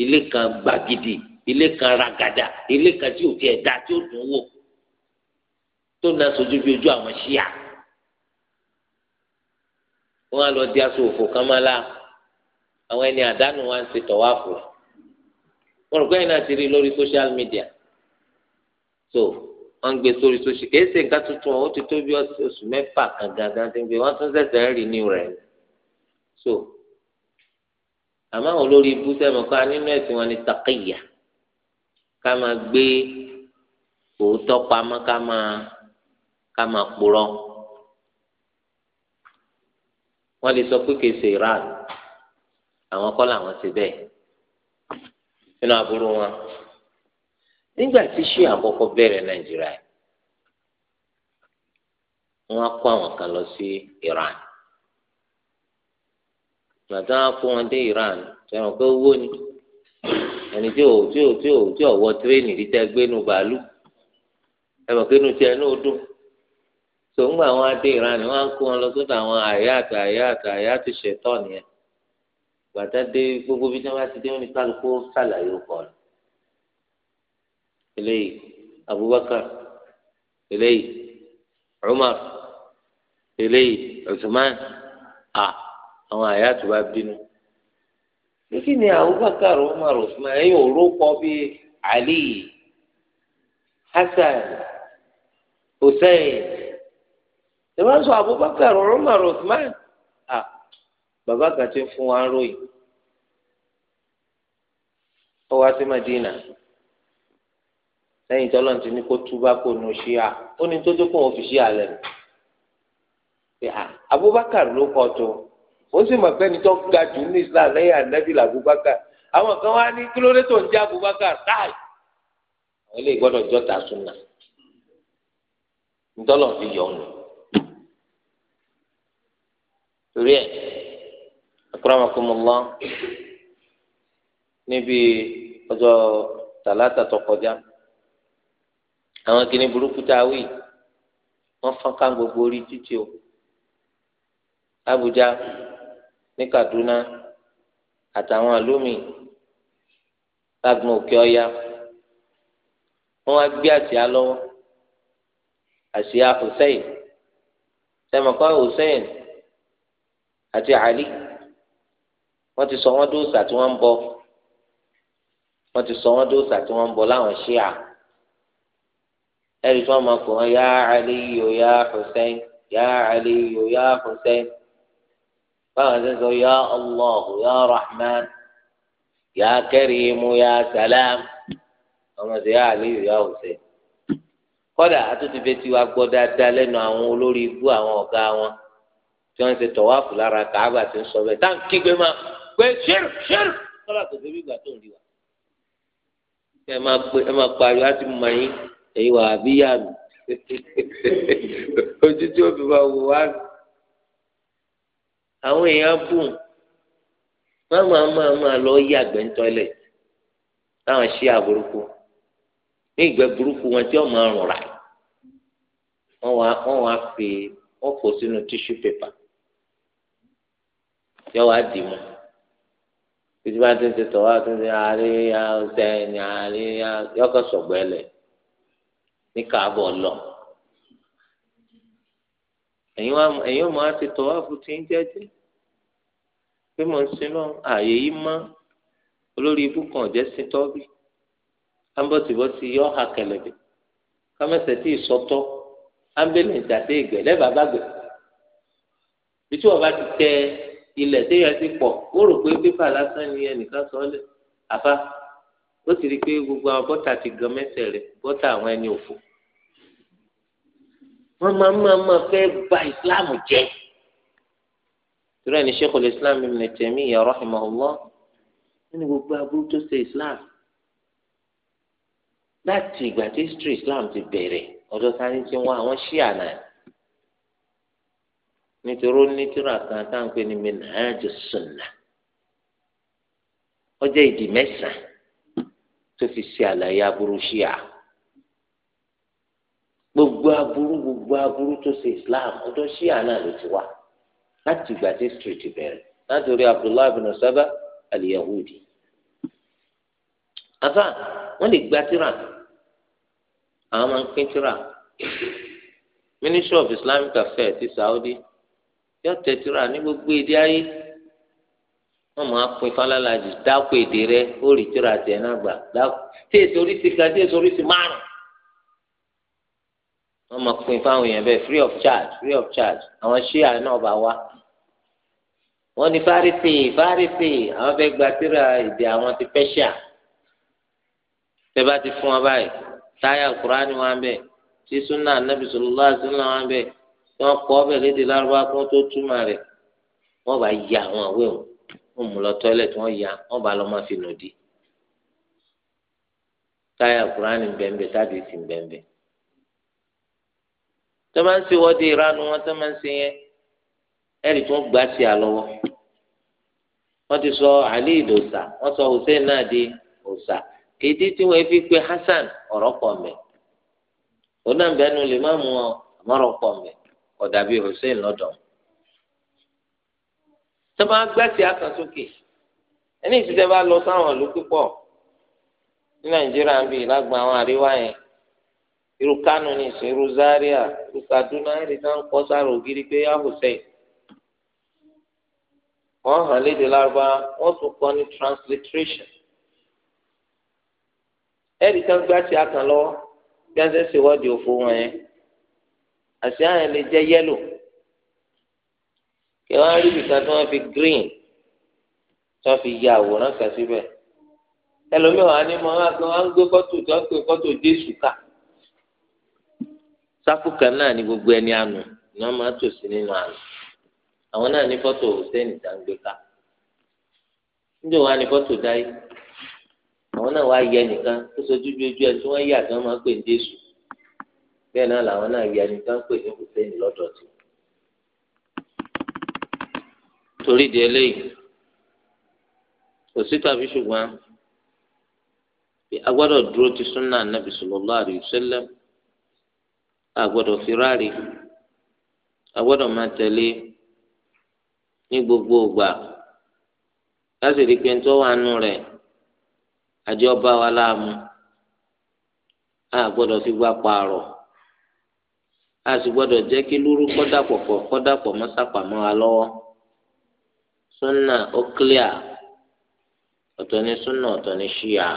ilé kan gbàgìdì ilé kan ragàdà ilé kan tí ò tiẹ̀ dá tí ò dùn wò tó na sojú bí ojú àwọn ṣíà wọn á lọ di aṣọ òfò kan máa la àwọn ẹni àdánù wa ń ṣe tọwáfù rẹ wọn rò pé ẹ̀yin náà ti rí lórí social media so wọn ń gbé sórí social kì í ṣe nǹkan tuntun ó ti tó bí oṣù mẹ́fà kan gangan ti ń gbé wọn tún ṣẹ̀ṣẹ̀ ń rí new rẹ̀ so àmọ́ àwọn olórí ibú sẹ́mi kan nínú ẹ̀sìn wọn ni takiya ká máa gbé òótọ́ pamọ́ ká máa ká máa purọ́ wọ́n lè sọ pé kì í àwọn kọ́ làwọn ti bẹ́ẹ̀ nínú aburú wọn nígbà tí ṣíà àkọ́kọ́ bẹ̀rẹ̀ nàìjíríà wọ́n kó àwọn kan lọ sí iran gbàtà wọ́n kó wọn dé iran sẹ́wọ̀n pé owó ni ẹni tí ò tí ò tí ò tí ò wọ tírénì rí gbénu bàálù ẹ̀wọ̀n kínú tiẹ̀ náà dùn tó ń gbà wọn dé iran wọ́n kó wọn lọ sódà àwọn àyà àti àyà àti àyà àti ṣètọ́ nìyẹn. gbàtà dé gbogbo bí wọn bá ti dé wọn ní kálukú sàlàyé ọkọ rẹ eléyìí Abubakar eléyìí Umar eléyìí Usman a àwọn àyà tó bá bínú kí ni Abubakar Umar Usman ẹ̀yin ò rókọ bíi Ali Hasan Hussein ìwọ́n sọ Abubakar Umar Usman bàbá kan ti ń fún wa ń ròyìn ó wá sí Madina lẹ́yìn tí Ọlọ́run ti ní kó túbá kó nu a ó ní tó tó kó wọn fi ṣíà lẹ́nu Abubakar ló kọ tó ó sì mọ̀ pé ẹni tó ga jù ní Islam lẹ́yìn anabi la Abubakar àwọn kan wá ní kí ń jẹ́ Abubakar táì àwọn eléyìí gbọ́dọ̀ jọta súnà ntọ́lọ̀ fi yọ̀ ọ́nù akramakumullah níbi ọjọ́ tàlátà tó kọjá àwọn kìnnì burúkú tá a wí wọ́n fọ́n ká gbogbo orí títì o Abuja ní Kaduna àtàwọn àlómi lágbọn òkè ọya wọ́n wá gbé àsíá lọ́wọ́ àsíá Hussein sẹmọkọ Hussein àti Ali wọ́n ti sọ wọ́n dóòsà tí wọ́n ń bọ wọ́n ti sọ wọ́n dóòsà tí wọ́n ń bọ láwọn ṣíà ẹ̀rí tí wọ́n máa pè wọ́n yá Aliyu yá Hussein yá Aliyu yá Hussein báwọn ṣe ń sọ yá Allahu yá Rahman yá Karimu yá Salam àwọn ṣe yá Aliyu yá Hussein kódà àtúntìfẹ́ tí wàá gbọ́ dáadáa lẹ́nu àwọn olórí ibú àwọn ọ̀gá wọn tí wọ́n ń ṣe tọ̀wáfù lára kàábà tí ń sọ bẹ́ẹ̀ táǹkì gbé máa pé ṣírù ṣírù kọ́lá kò débi ìgbà tó ń rí wa. ẹ máa pé ẹ máa pariwo á ti mọ yín èyí wà á bí yá mi ojú tí òbí wa wò wá mi. àwọn èèyàn bùn má máa máa máa lọ yí àgbẹ̀ ń tọ́lẹ̀ táwọn ṣí àbúrúkú ní ìgbẹ́ burúkú wọn tí wọ́n máa rùn rà wọ́n wá wọ́n wá fi wọ́n kó sínú tíṣú pépà yọ wá dì mọ́ títí bá ti ń ṣe tọ́wá tó ń ṣe àríyá ọ̀sẹ̀yìn àríyá yọkọ̀ sọ̀gbẹ́lẹ̀ ní káàbọ̀ lọ. ẹ̀yin ọmọ àti tọ́wá fún ti ń jẹ́jẹ́ pé mo ń sin lọ ààyè yìí mọ́ olórí ibú kan ọ̀jẹ́ sí tọ́bí ambọ̀tìbọ̀tì yọ ha kẹlẹ̀bẹ̀ kámẹ́sẹ̀ tí ì sọtọ́ ambulance àti ìgbẹ́ lẹ́bàá bàgbẹ́ bí tí wọ́n bá ti tẹ́ ẹ ilẹ̀ téèyàn ti pọ̀ ó rò pé pépà lásán ni ẹnìkan sọ ọ́ lẹ̀ àfa ó sì rí i pé gbogbo àwọn bọ́tà ti gan mẹ́sẹ̀ rẹ̀ bọ́tà àwọn ẹni òfò wọ́n máa ń máa máa fẹ́ ba islam jẹ́ tura ni sheikhul islam ibn Taymiyyah rahimahullah nínú gbogbo aburú tó ṣe islam láti ìgbà tí history islam ti bẹ̀rẹ̀ ọ̀dọ̀ sani ti wá àwọn ṣíà náà nítorí ó ní tíra kan tá à ń pè ní minhaju sunna ó jẹ́ ìdí mẹ́sàn tó fi ṣe àlàyé aburú ṣíà gbogbo aburú gbogbo aburú tó ṣe islam ọjọ́ ṣíà náà ló ti wá láti ìgbà tí street bẹ̀rẹ̀ látòrí abdullahi bin saba aliyahudi afa wọn lè gba tíra àwọn máa ń pín tíra ministry of islamic affairs ti saudi. yóò tẹ̀síra ní gbogbo èdè ayé wọn máa pin falálàjì dákò èdè rẹ ó rí tíra tẹ náà gbà dákò tí èso oríṣi kan tí èso oríṣi márùn wọn máa pin fáwọn èèyàn bẹ́ẹ̀ free of charge free of charge àwọn ṣíà náà bá wá wọn ní fárísì fárísì àwọn fẹ́ẹ́ gba tíra èdè àwọn ti pẹṣíà tẹbá ti fún wọn báyìí táyà kúránì wọn bẹ tí súnà nàbìsọlọ lọ àti súnà wọn bẹ tí wọ́n kọ́ ọbẹ̀ léde lárúbá kí wọ́n tó túmọ̀ rẹ̀ wọn bá ya àwọn wọn mú lọ tọ́lẹ̀ tí ya bá fi nù di. táyà kúránì bẹ́ẹ̀nbẹ́ táàdì sì bẹ́ẹ̀nbẹ́. tó máa ń ṣe wọ́de ìranu wọn tó máa ń yẹn ẹ̀rì tó ń gbà sọ wọ́n sọ Hussein náà di tí Hasan ọ̀rọ̀ pọ̀ mẹ́. ọ̀dà bíi hussein lọ́dọ̀ tó bá gbẹ́sì àkàn sókè ẹni ìtútẹ́ bá lọ sáwọn ìlú púpọ̀ ní nàìjíríà ń bì lágbọn àwọn àríwá yẹn irú kánò ní ìsìn irú zaria irú kaduna ẹni tá ń kọ́ sára ògiri pé yá hussein wọ́n hàn lédè lárúbá wọ́n tún kọ́ ní transliteration ẹni tá ń gbẹ́sì àkàn lọ́wọ́ bí wọ́n ṣe ń ṣèwádìí wọn yẹn. àti àyàn lè jẹ yẹ́lò kí wọ́n rí ibìkan tí wọ́n fi green tí fi ya àwòrán kan síbẹ̀ ẹlòmíràn ni mo máa gbé wọn gbé kọ́tù tí wọ́n gbé kọ́tù Jésù ká sáfù kan náà ni gbogbo ẹni àná ni wọ́n máa tò sí nínú àná àwọn náà ní fọ́tò Hussein dàgbé ká níjọ ní dáyé wọ́n yà máa bẹ́ẹ̀ náà làwọn náà yẹ ẹni tó ń pè ní hùsẹ́ẹ̀nì lọ́dọ̀ tó. torí di eléyìí kò sí tàbí ṣùgbọ́n dúró ti súnà nàbì a gbọ́dọ̀ fi a agbọdọ máa tẹ̀lé ní gbogbo ìgbà láti rí pé ń a gbọ́dọ̀ fi gbà a sì gbọdọ jẹ́ kí lúrú kọ́dàpọ̀pọ̀ kọ́dàpọ̀ mọ́sàpàmọ́ wa lọ́wọ́ súnà ọtọni clear ọ̀tọ̀ ṣíà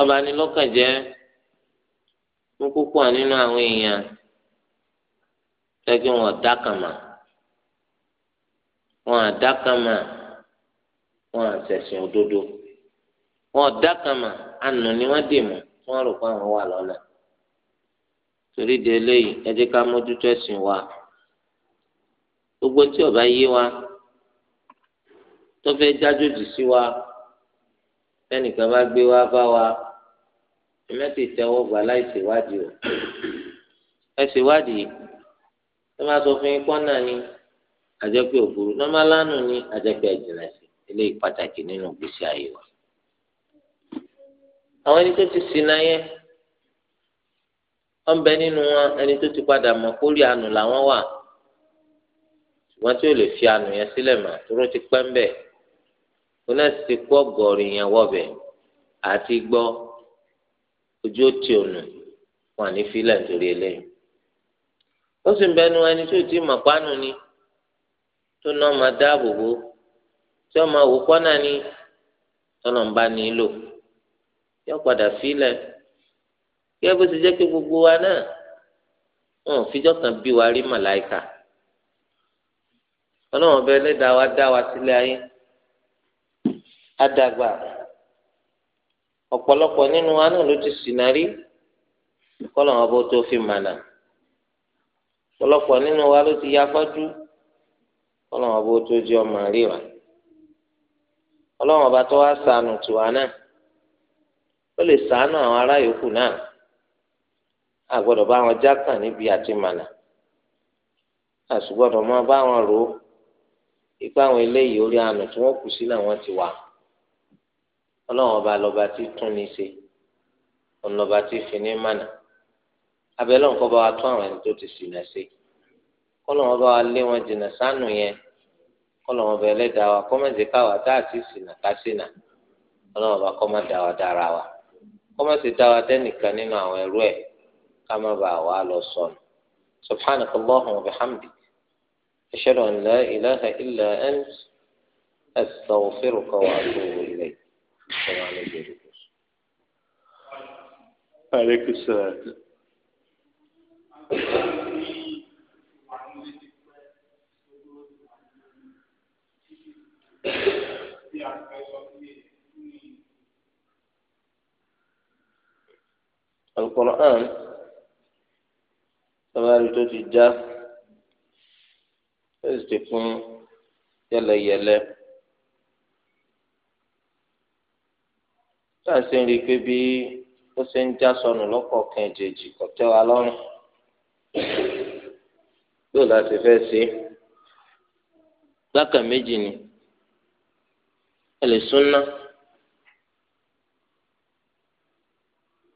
ọba ni lọ́kàn jẹ́ nínú àwọn èèyàn tẹ́kí wọn dákàmà wọn àdákàmà wọn àṣẹ̀sìn òdodo wọn àdákàmà dì rò pé àwọn wà torí di eléyìí ẹ jẹ́ ká mójútó ẹ̀sìn wa gbogbo tí ọba yé wa tó fẹ́ jájòjì sí wa tẹnìkan bá gbé wá bá wa ẹmẹ́tì tẹ́wọ́ gbà láì ṣèwádìí o ẹ ṣèwádìí ẹ máa sọ fún yín pọ́nà ni àjẹpẹ́ òfurufú nọ́málánù ni àjẹpẹ́ ẹ̀jìnlẹ̀ sí eléyìí pàtàkì nínú ìgbésí ayé wa àwọn ẹni tó ti sin náà yẹn wọn bẹ nínú wọn ẹni tó ti padà mọ̀ kórìí àánú làwọn wà ṣùgbọ́n tí ò lè fi àánú yẹn sílẹ̀ mà tóró ti pẹ́ ń bẹ̀ náà ti kó ọ̀gọ̀ọ̀rì yẹn wọ̀bẹ̀ àti gbọ́ ojú ti ònù wọn ní fílẹ̀ nítorí eléyìí ó sì ń bẹnu ẹni tó ti mọ̀ pánú ni tó náà máa dáàbò bò tí wọn máa wò ni tọ́nà ń bá ní lò yọ padà fílẹ̀ kẹ́ bó ti jẹ́ pé gbogbo wa náà wọn ò fijọ́ kan bí wa rí màláìka ọlọ́run ọbẹ̀ ẹlẹ́dàá wa dá wa sílé ayé adàgbà ọ̀pọ̀lọpọ̀ nínú wa náà ló ti ṣìnà rí kọ́lọ́run ọbẹ̀ tó fi mànà ọ̀pọ̀lọpọ̀ nínú wa ló ti ya fọ́jú kọ́lọ́run ọbẹ̀ tó jẹ́ ọmọ àríwá ọlọ́run ọba tó wá ṣàánú tiwa náà ó lè ṣàánú àwọn ará yòókù náà àgbọ́dọ̀ bá wọn jákàn níbi àti mànà àṣùgbọ́dọ̀ máa bá wọn rò ó ipa àwọn eléyìí orí àánú tí wọ́n kù sí làwọn ti wà ọlọ́run ọba lọ́ba tí tún ní ṣe òun lọ́ba tí fi ní mànà abẹ́lẹ́ nǹkan bá wa tún àwọn ẹni tó ti sì náà ṣe kọ́lọ́run ọba wa lé wọn jìnnà sánú yẹn kọ́lọ́run ọba ẹlẹ́dàá wa kọ́mẹ́ǹtì káwa tá àti sìnà ká sìnà ọlọ́run ọba kọ́mẹ́ǹtì dáwà dára wa kọ́mẹ́ǹtì dáwà dẹ́nìkan nínú àwọn ẹrú ẹ̀ ká má bàa wà lọ sọnù subhanaka allahumma wa bihamdik ashhadu an la ilaha illa ant astaghfiruka wa atubu ilayk sọmọlẹ jẹrẹ kò sùn. aleykum salaam. القرآن tọ́bárí tó ti já ó sì ti fún yẹlẹyẹlẹ. táà ṣe ń rí i pé bí ó ṣe ń já sọnù lọ́kọ̀ọ̀kan ìjèjì kò tẹ́ wa lọ́rùn yóò láti fẹ́ ṣe gbáka méjì ni ẹ lè súnná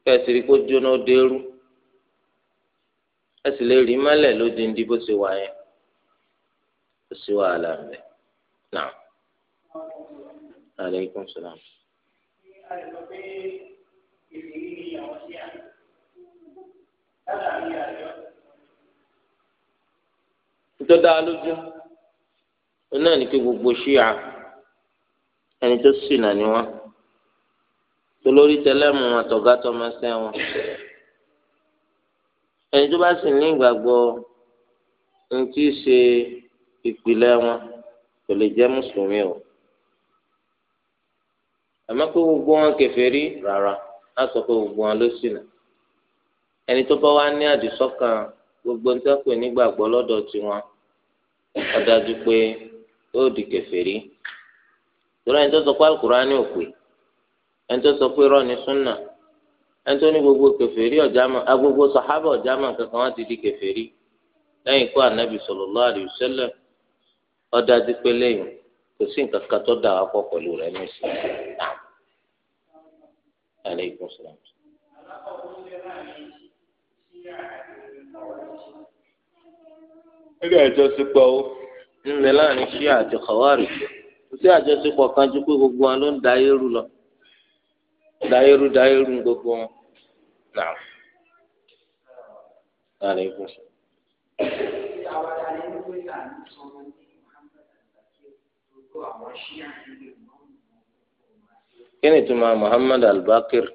kẹsìrì kó jóná dérú ẹ sì lè rí mọ́lẹ̀ lódindi bó ṣe wà yẹn kò sí wàhálà ńbẹ náà aleykum salaam. tó dáa lójú ó náà ní kí gbogbo ṣíà ẹni tó ṣìnà ni wọn tó lórí tẹlẹmù wọn tọgá tọmọsẹ wọn ẹni tó bá sì ní ìgbàgbọ́ ní tí í ṣe ìpìlẹ̀ wọn kò lè jẹ́ mùsùlùmí o àmọ́ pé gbogbo wọn kèfèrí rárá á sọ pé gbogbo wọn ló ṣìnà ẹni tó bá wá ní àdìsọ́kàn gbogbo ń tẹ́kùn nígbàgbọ́ lọ́dọ̀ tiwọn ó pé yóò di kèfèrí torí ẹni tó sọ pé Al-Kùránì ò ẹni tó sọ pé irọ́ ni súnà ẹnitọ́ni gbogbo nke ọ̀jàmọ̀ agbogbo sàhábà ọ̀jàmọ̀ kankan wọn ti di kèfèrí lẹ́yìn ikú ànábì sallallahu alaihi wasallam ọ̀dájú pé lẹ́yìn kò sí nǹkan kan tó dà wá pọ̀ pẹ̀lú rẹ̀ o ń láàrin ṣíà àti kọ̀wárì kò sí gbogbo wọn ló ń lọ. dáyérú dáyérú gbogbo wọn náà náà lè gùn. kí ni tuma muhammad albakir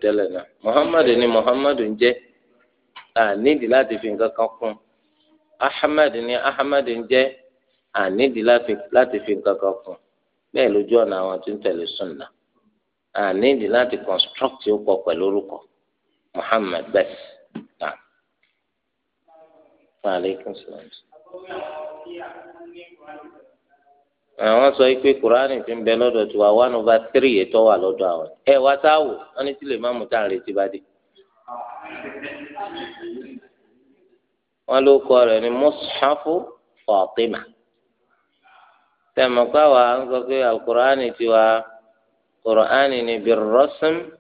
ni muhammad ń ànídìí láti fi nǹkan ni ahmed ń ànídìí láti fi nǹkan kan kún lójú ọ̀nà àwọn tó àníìdì láti construct orúkọ pẹ̀lú orúkọ Muhammad bẹ́ẹ̀ náà. Maaleykum salaam. Àwọn sọ pé Kùránì ti ń bẹ lọ́dọ̀ tiwa one over three ètò wà lọ́dọ̀ àwọn. Ẹ wá sáwò, wọ́n ní tí lè má mú tá à ń retí bá dé. Wọ́n ló kọ rẹ̀ ní Mùsùlùmí Fàtímà. Tẹ̀mọ̀ká wa ń sọ pé Àlùkùránì tiwa. قرآن بالرسم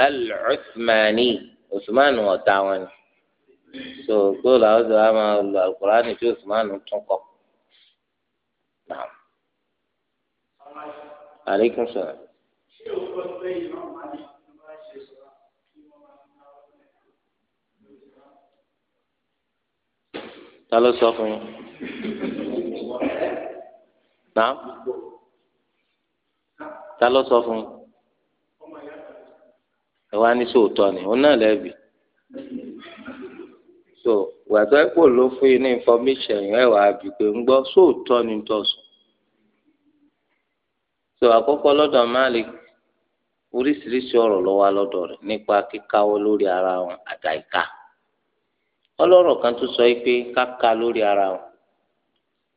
العثماني عثمان وتعوان so كل هذا أما القرآن في عثمان وتنقى نعم عليكم السلام تعالوا صافي نعم ta ló sọ fún yín ẹ wá ní sóòótọ́ ni òun náà so ló fún yín ní information ẹ̀ wá bí pé ń gbọ́ sóòótọ́ ni tó sùn so oríṣiríṣi ara wọn Ọlọrọ kan tó sọ pé káka lórí ara wọn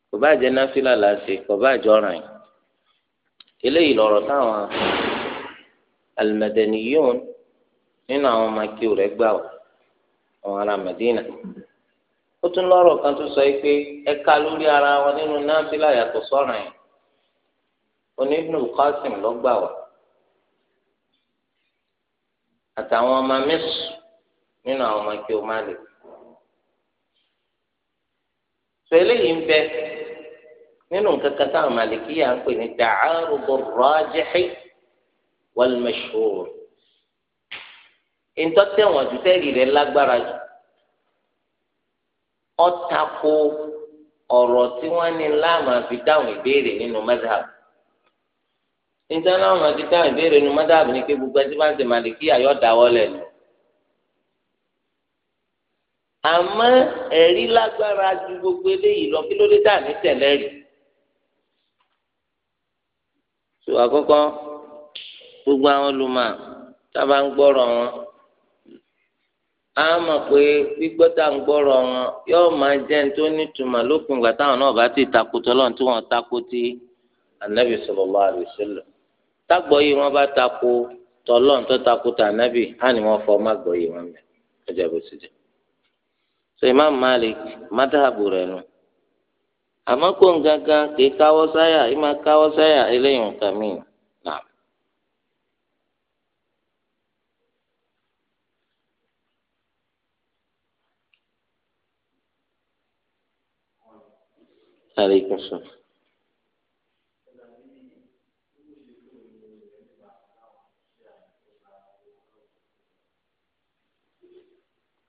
kò bá náfìlà kò bá eléyìí lọ̀rọ̀ táwọn alimadaniyun nínú àwọn makiw rẹ̀ gbà wá àwọn ará Madina ó tún lọ́rọ̀ kan tó sọ pé ẹ̀ka lórí ara wọn nínú náfìlà yàtọ̀ sọ́ràn yẹn oní Ibn al-Qasim ló gbà wá àtàwọn ọmọ mẹ́sù nínú àwọn makiw Malik sọ eléyìí ń bẹ nínú nǹkan kan táwọn màlìkíyà ń pè ní dàárùbọ̀ rájẹ́hì wàlmẹ̀ṣọ́r ìtọ́tẹ̀wọ̀n ju tẹ́rì rẹ̀ lágbára jù ọ̀tako ọ̀rọ̀ tí wọ́n ní láàmà fi dáhùn ìbéèrè nínú madhab níta láwọn àti dáhùn ìbéèrè nínú madhab ni pé gbogbo ẹtí máa ń ṣe màlìkíyà yọ̀ dáwọ́ lẹ́nu àmọ́ ẹ̀rí lágbára ju gbogbo eléyìí lọ kí ló dé dà ní tẹ̀lẹ́rìí. tó àkọ́kọ́ gbogbo àwọn olùmọ̀ tábà ń gbọ́rọ̀ wọn ama mọ̀ pé gbígbọ́ tá à ń gbọ́rọ̀ wọn yóò máa jẹ́ ní tó nítumọ̀ lópin ìgbà táwọn náà bá ti takò tọ́lọ́run tí wọ́n takò ti ànábì sallallahu alaihi wasallam tágbọ́ yìí wọ́n bá takò tọ́lọ́run tó takò tà ànábì á ní wọ́n fọ́ má gbọ́ yìí wọ́n mẹ́ ọjà bó ti jẹ́ so Malik madhabu rẹ̀ nù. No àmọ́ kò ń gangan kì í káwọ́ sáyà ì máa káwọ́ sáyà eléyìí nǹkan mìíràn. Aleykum salaam.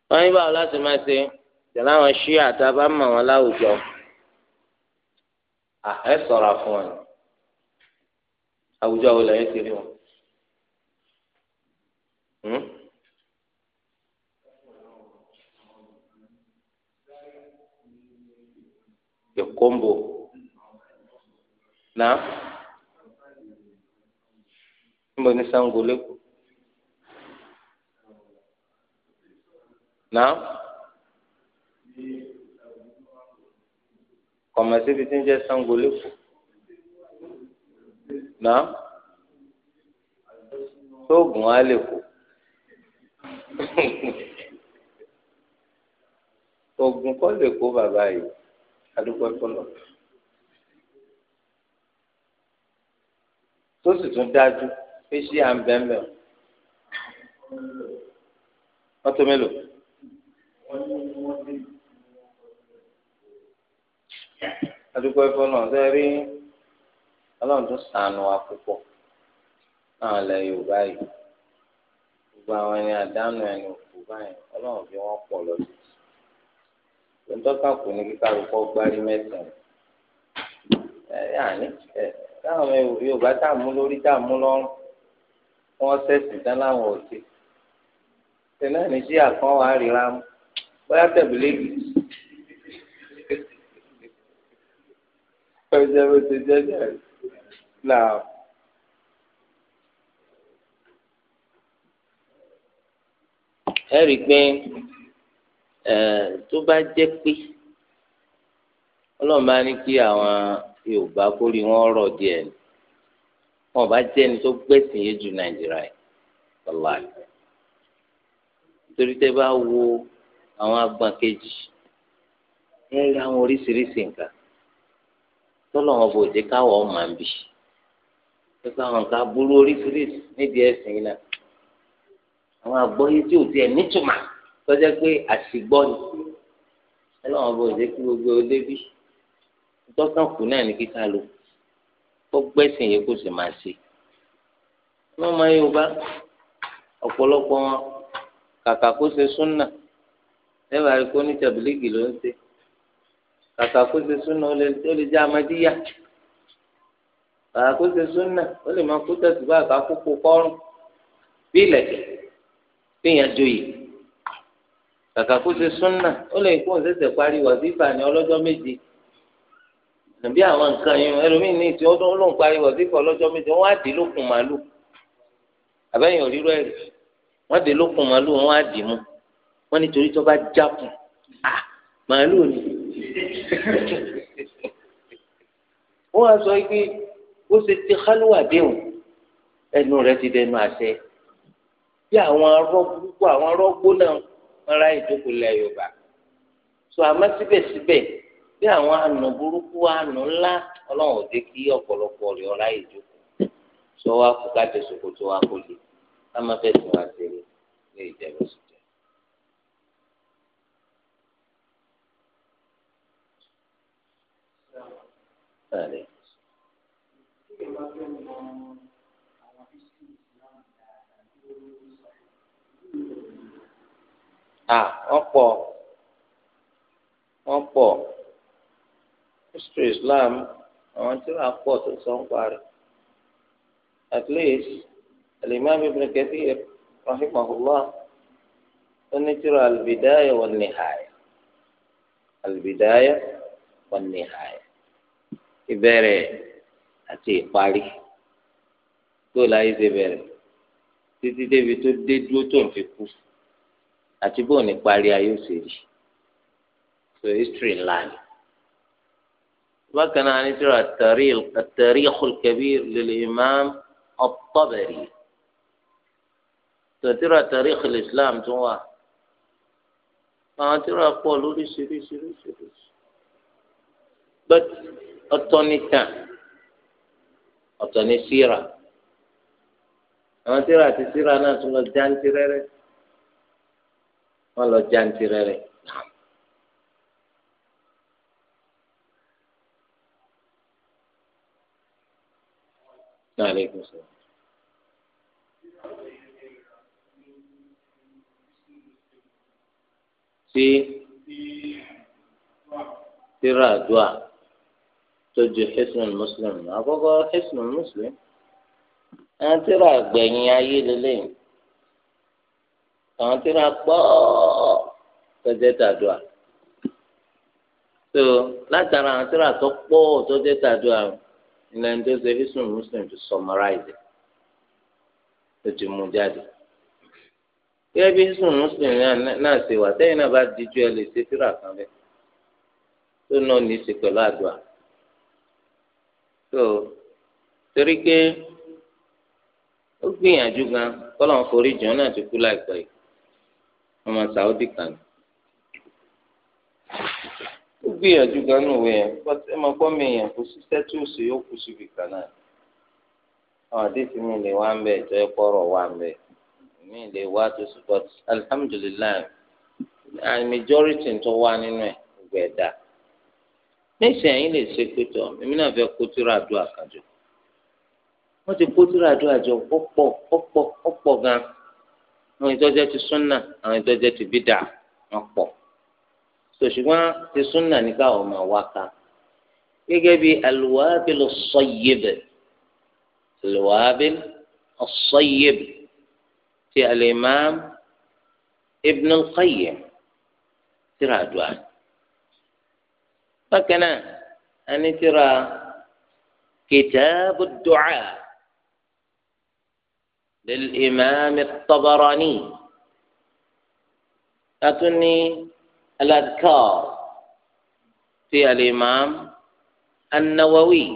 wọ́n ní báwo láti máa ṣe tẹ̀lé àwọn ṣíà tá a bá mọ̀ wọn láwùjọ ẹ ṣọ́ra fún ẹ àwùjọ àwọn lẹ́yìn ti rí wọn. Èkómbò hmm? náà níbo ni Ṣàngó lẹ́kọ̀ọ́ náà kọ̀mọ̀síbi tí ń jẹ́ Ṣàngó lẹ́kọ̀ọ́ náà sóògùn á lè kó oògùn kọ́ lè kó bàbá yìí adúgbò ẹ̀fọ́lọ́ tó sì tún dájú pé ṣé à ń bẹ́ẹ̀mẹ̀ o mọ́tò mélòó. adúgbò ẹ̀fọ́ náà ṣe rí ọlọ́run tó sànù wa púpọ̀ náà lẹ yorùbá yìí gbogbo àwọn ẹni àdánù ẹni òkú báyìí ọlọ́run fi wọ́n pọ̀ lọ sí i tòǹtọ́ka kù ní kíkàlùkọ́ gbárí mẹ́sàn-án ẹ̀ àní ẹ̀ táwọn yorùbá dààmú lórí dààmú lọ́rùn wọ́n sẹ́sì tán láwọn òsì tẹ̀ náà ní sí àkànwá ríra bóyá tẹ̀bílẹ́ẹ̀dì. ọjọ́ bó ti jẹ́ jẹ́ ẹ rí i tó bá jẹ́ pé ọlọ́run ní kí àwọn Yorùbá wọn rọ̀ díẹ̀ ni wọn bá jẹ́ ẹni tó gbẹ̀sìn yé ju Nàìjíríà yìí ọ̀la torí tẹ bá wo àwọn agbọn kejì ẹ rí àwọn tọ́lọ̀ wọn bò dé káwọ̀ ọ́ máa ń bì pípa àwọn nǹkan aburú oríṣiríṣi nídìí ẹ̀sìn yìí náà àwọn àgbọ́yé tí ò tiẹ̀ nítumà tọ́jẹ́ pé àṣìgbọ́ ni tọ́lọ̀ wọn bò dé kí gbogbo ọdẹ bí tọ́kàn kù náà ní kíkà lò kó gbẹ́sìn yìí kó sì máa ṣe ní ọmọ Yorùbá ọ̀pọ̀lọpọ̀ wọn kàkà kó ṣe súnà lẹ́wàá rí kó ní tàbílígì ló ń ṣe kàkà kó ṣe súnà ó lè jẹ́ amadíyà kàkà kó ṣe súnà ó lè máa kó tẹ̀sí bá àká kókó kọ́rùn bí ìlẹ̀kẹ̀ bí ìyàn joyè kàkà kó ṣe súnà ó lè kó òṣèṣẹ̀ parí wàzífà ní ọlọ́jọ́ méje nàbí àwọn nǹkan yẹn ẹlòmíín ní ìtì ọdún ló ń parí wàzífà ọlọ́jọ́ méje wọ́n á dé lókun màálù àbẹ́yìn òríró ẹ̀rí wọ́n dé lókun màálù wọ́n á dì mú wọ́n nítorí tó bá jákun ah, màálù ni wọ́n á sọ pé bó ṣe ti kálíwà déhùn ẹnu rẹ̀ ti dẹnu àṣẹ bí àwọn arọ burúkú àwọn arọ gbóná ara ìjókòó lẹ Yorùbá sọ àmọ́ síbẹ̀síbẹ̀ bí àwọn àna burúkú àna ńlá Ọlọ́run ò dé kí ọ̀pọ̀lọpọ̀ rẹ̀ ọ̀rá ìjókòó sọ wa kó ká tẹsán kó tó wa kó lè ká má fẹsùn àṣẹ rẹ̀ ní ìjẹun sí. Bẹ́ẹ̀ni. À wọ́n pọ̀ wọ́n pọ̀ history Islam àwọn tí wọ́n á pọ̀ tó sọ ń parí at least Al-Imam Ibn Kathir rahimahullah onítìrọ̀ al-Bidaya wan-Nihaya al-Bidaya wan ìbẹ̀rẹ̀ àti ìparí tó láyé ṣe bẹ̀rẹ̀ títí débi tó dé dúró tó ń fi kú àti bóun ní parí ayé òṣèlú so history ńlá ni bákan náà ní sọ̀rọ̀ at-Tarikh al-Kabir lil-Imam at-Tabari tọ̀tírà Tarikh islam tún wà àwọn tírà pọ̀ lóríṣiríṣiríṣiríṣi bẹ́ẹ̀ ọ̀tọ̀ ní tàn ọ̀tọ̀ ní síra àwọn síra àti síra náà tún lọ jáǹtì rẹrẹ wọn lọ jáǹtì rẹrẹ náà. عليكم السلام sí tíra dua tó ju Hisnul Muslim àkọ́kọ́ Hisnul Muslim àwọn tíra àgbẹ̀yìn ayé lélẹ́yìn àwọn tíra pọ̀ tọ́jẹ́ tàdúà tó látara àwọn tíra tó pọ̀ tọ́jẹ́ tàdúà ilẹ̀ tó ṣe Hisnul Muslim ti summarize tó ti mú jáde gẹ́gẹ́ bí Hisnul Muslim náà ṣe wà sẹ́yìn náà bá díjú ẹ lè ṣe tíra kan bẹ́ẹ̀ tó náà ní í ṣe pẹ̀lú àdúrà. so torí pé ó gbìyànjú gan kọ́lọ̀ forí jùn náà ti kú láìpẹ́ yìí ọmọ sàódì kan ó gbìyànjú gan nù wẹ̀ ẹ máa gbọ́ mi yẹn kó sísẹ́ tí ó sì síbi kan náà àwọn àdéhùn mi lè wá ń bẹ̀ tó ẹ kọ́rọ̀ wá ń bẹ̀ mi lè wá tó and majority tó wá nínú ẹ̀ nísìnyí ẹ̀yin lè ṣe pé tọ èmi náà fẹ́ kó tura àdó àkàjọ wọ́n ti kó tura àdó àjọ ọ̀pọ̀ ọ̀pọ̀ ọ̀pọ̀ gan àwọn ìtọ́jẹ́ ti súnà àwọn ìtọ́jẹ́ ti bídà wọ́n pọ̀ sòṣùgbọ́n ti súnà ní káwọn máa wá ká gẹ́gẹ́ bí alùwàbílù sọ́yẹ́bẹ̀ alùwàbílù sọ́yẹ́bẹ̀ ti al-Imam Ibn al-Qayyim tíra àdó àjọ. فكنا أن ترى كتاب الدعاء للإمام الطبراني أتني الأذكار في الإمام النووي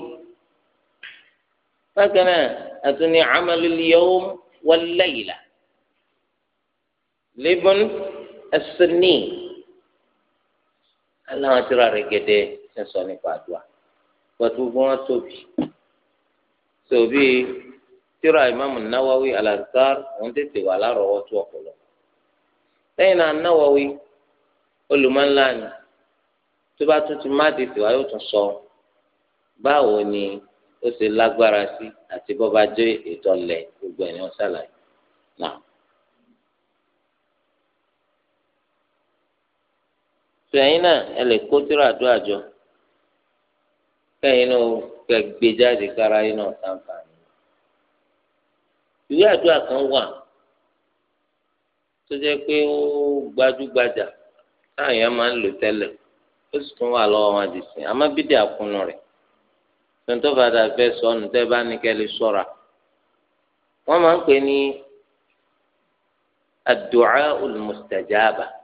فكنا أتني عمل اليوم والليلة لابن السنين aláwọn tí ra rẹ gẹdẹ ṣe sọ nípa àdúrà pẹtù gbogbo wọn tóbi tòbí tíra ìmáàmù náwáwí alàzkar òun tètè wà lárọ̀ọ́wọ́tó ọ̀pọ̀lọpọ̀ lẹ́yìn náà náwáwí olùmọ̀ńlá ni tó bá tún ti má tètè wá yóò tún sọ báwo ni ó ṣe lágbára sí àti bọ́ba jẹ́ ètò gbogbo ẹ̀ ní náà. sẹ́yìn náà ẹ lè kó tíra àdúrà jọ kẹ́yìn náà kẹ́ gbé jáde kára yín náà ìwé kan wà tó jẹ́ pé ó gbajúgbajà táwọn èèyàn máa ń lò tẹ́lẹ̀ ó sì tún wà lọ́wọ́ wọn àti sìn àmọ́ bídẹ̀ àkúnnú rẹ̀ tẹ́ bá ní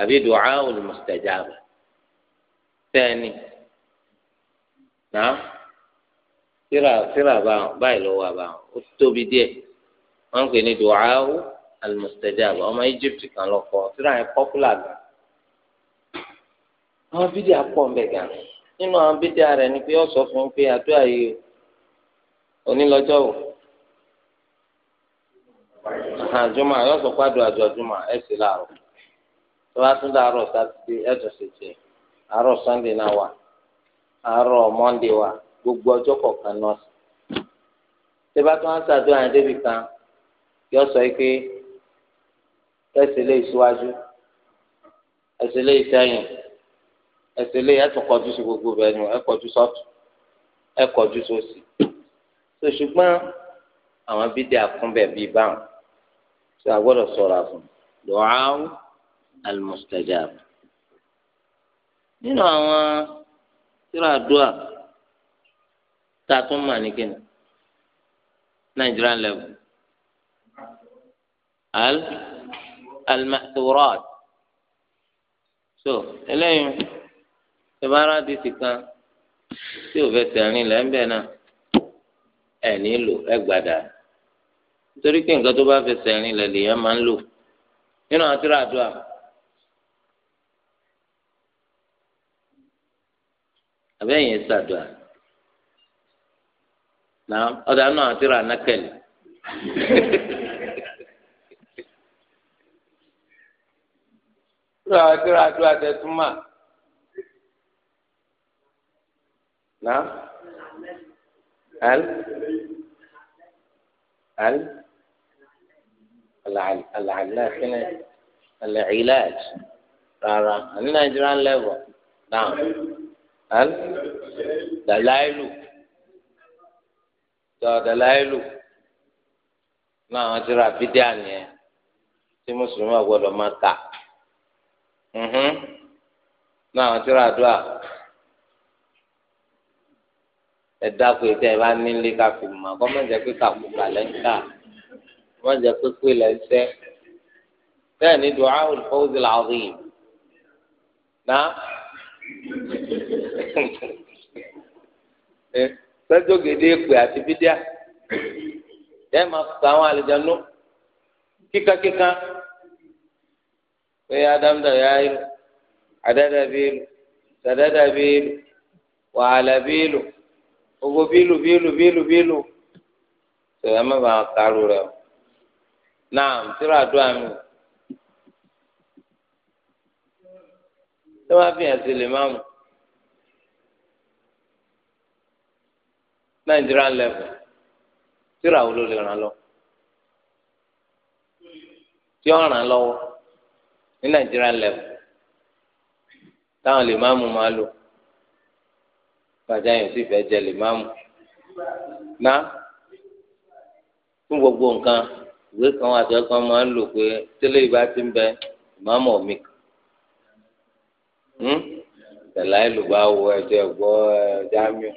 àbí du'aul mustajaba sẹ́ni náà síra síra báyìí lọ́wọ́ àbá ó tóbi díẹ̀ wọ́n ń pè ní du'aul mustajaba ọmọ Egypt kan lọ kọ síra yẹn pọ́pùlà gan àwọn fídíò pọ̀ ń bẹ̀ gan nínú àwọn fídíò rẹ̀ ni pé ó sọ fún un pé àdúrà yìí onílọ́jọ́ wò àjọmọ̀ àyọ̀sọ̀ pàdé àjọ ẹ̀ sì láàrọ̀ tó bá tún dàárọ̀ sátidé ẹ̀tún sì jẹ́ àárọ̀ sọ́ndé náà wà àárọ̀ mọ́ndé wà gbogbo ọjọ́ kọ̀ọ̀kan náà sí. tó bá tún wá sàdúrà yẹn débi kan yọ sọ pé ẹsẹ̀ lè síwájú ẹsẹ̀ lè sẹ́yìn ẹsẹ̀ lè ẹ̀tún kọjú sí gbogbo bẹ́ẹ̀ ni ẹ kọjú sósì. tó ṣùgbọ́n àwọn bídẹ́ àkúnbẹ̀ bíi báwọn tó a sọ̀rọ̀ àfọ̀n lọ́ọ́ المستجاب. mustajab nínú àwọn tíra àdúrà tá a tún mà ní kíni Nigerian level al al-ma'thurat so eléyìí ìbára di ti kan tí o fẹ́ tẹ̀rín lẹ́ńbẹ̀ náà ẹ̀ nílò ẹ̀ gbàdá nítorí pé nǹkan tó bá fẹ́ tẹ̀rín lẹ̀ lèèyàn máa ń lò nínú àtúrà àdúrà. àbẹ́yìn ṣàdùà náà ọ̀dà náà àti rà nákẹ́lì rà àti rà àdúrà tẹ̀túmà náà ẹl ẹl alàlẹ́ kínní alẹ́ ìlàjì rárá ní nàìjíríà ń lẹ́wọ̀ náà. dalailu tọ dalailu ní àwọn tí ra fídíà nìyẹn tí mùsùlùmí ọgbọ́dọ̀ máa kà ní àwọn tí ra dùà ẹ dákun ètò ẹ bá nílé ká fi mọ kọ má jẹ pé kàkúkà lẹ́ńkà má jẹ pé pé lẹ́ńsẹ́ bẹ́ẹ̀ ni dùà olùkọ́ òdìlà ọ̀rìn náà sẹ́jọ́ gèdè pè àti bídíà ẹ máa fà àwọn àlejànú kíkankíkan pé adámdàbí ayélu adádàbí ìlú sàdádàbí ìlú wàhálà bí ìlú gbogbo bílù bílù bílù bílù sọ̀rọ̀ ẹ má bàa kárò rẹ o náà tíra àdúrà mi tí wọ́n á fi hàn lè má mú. Nigerian level tí wo ló lè ràn lọ tí ó ràn lọ́wọ́ ní Nigerian level táwọn lè máàmù máa lò bàjẹ́ yìí sì fẹ́ jẹ lè máàmù ná fún gbogbo nǹkan ìwé kan wà tó kan máa ń lò pé tẹ́lẹ̀ ìbá ti ń bẹ ìmáàmù ọ̀mí kan hmm? tẹ̀láìlú bá wo ẹ̀jẹ̀ gbọ́ ẹ̀ eh, jámíù.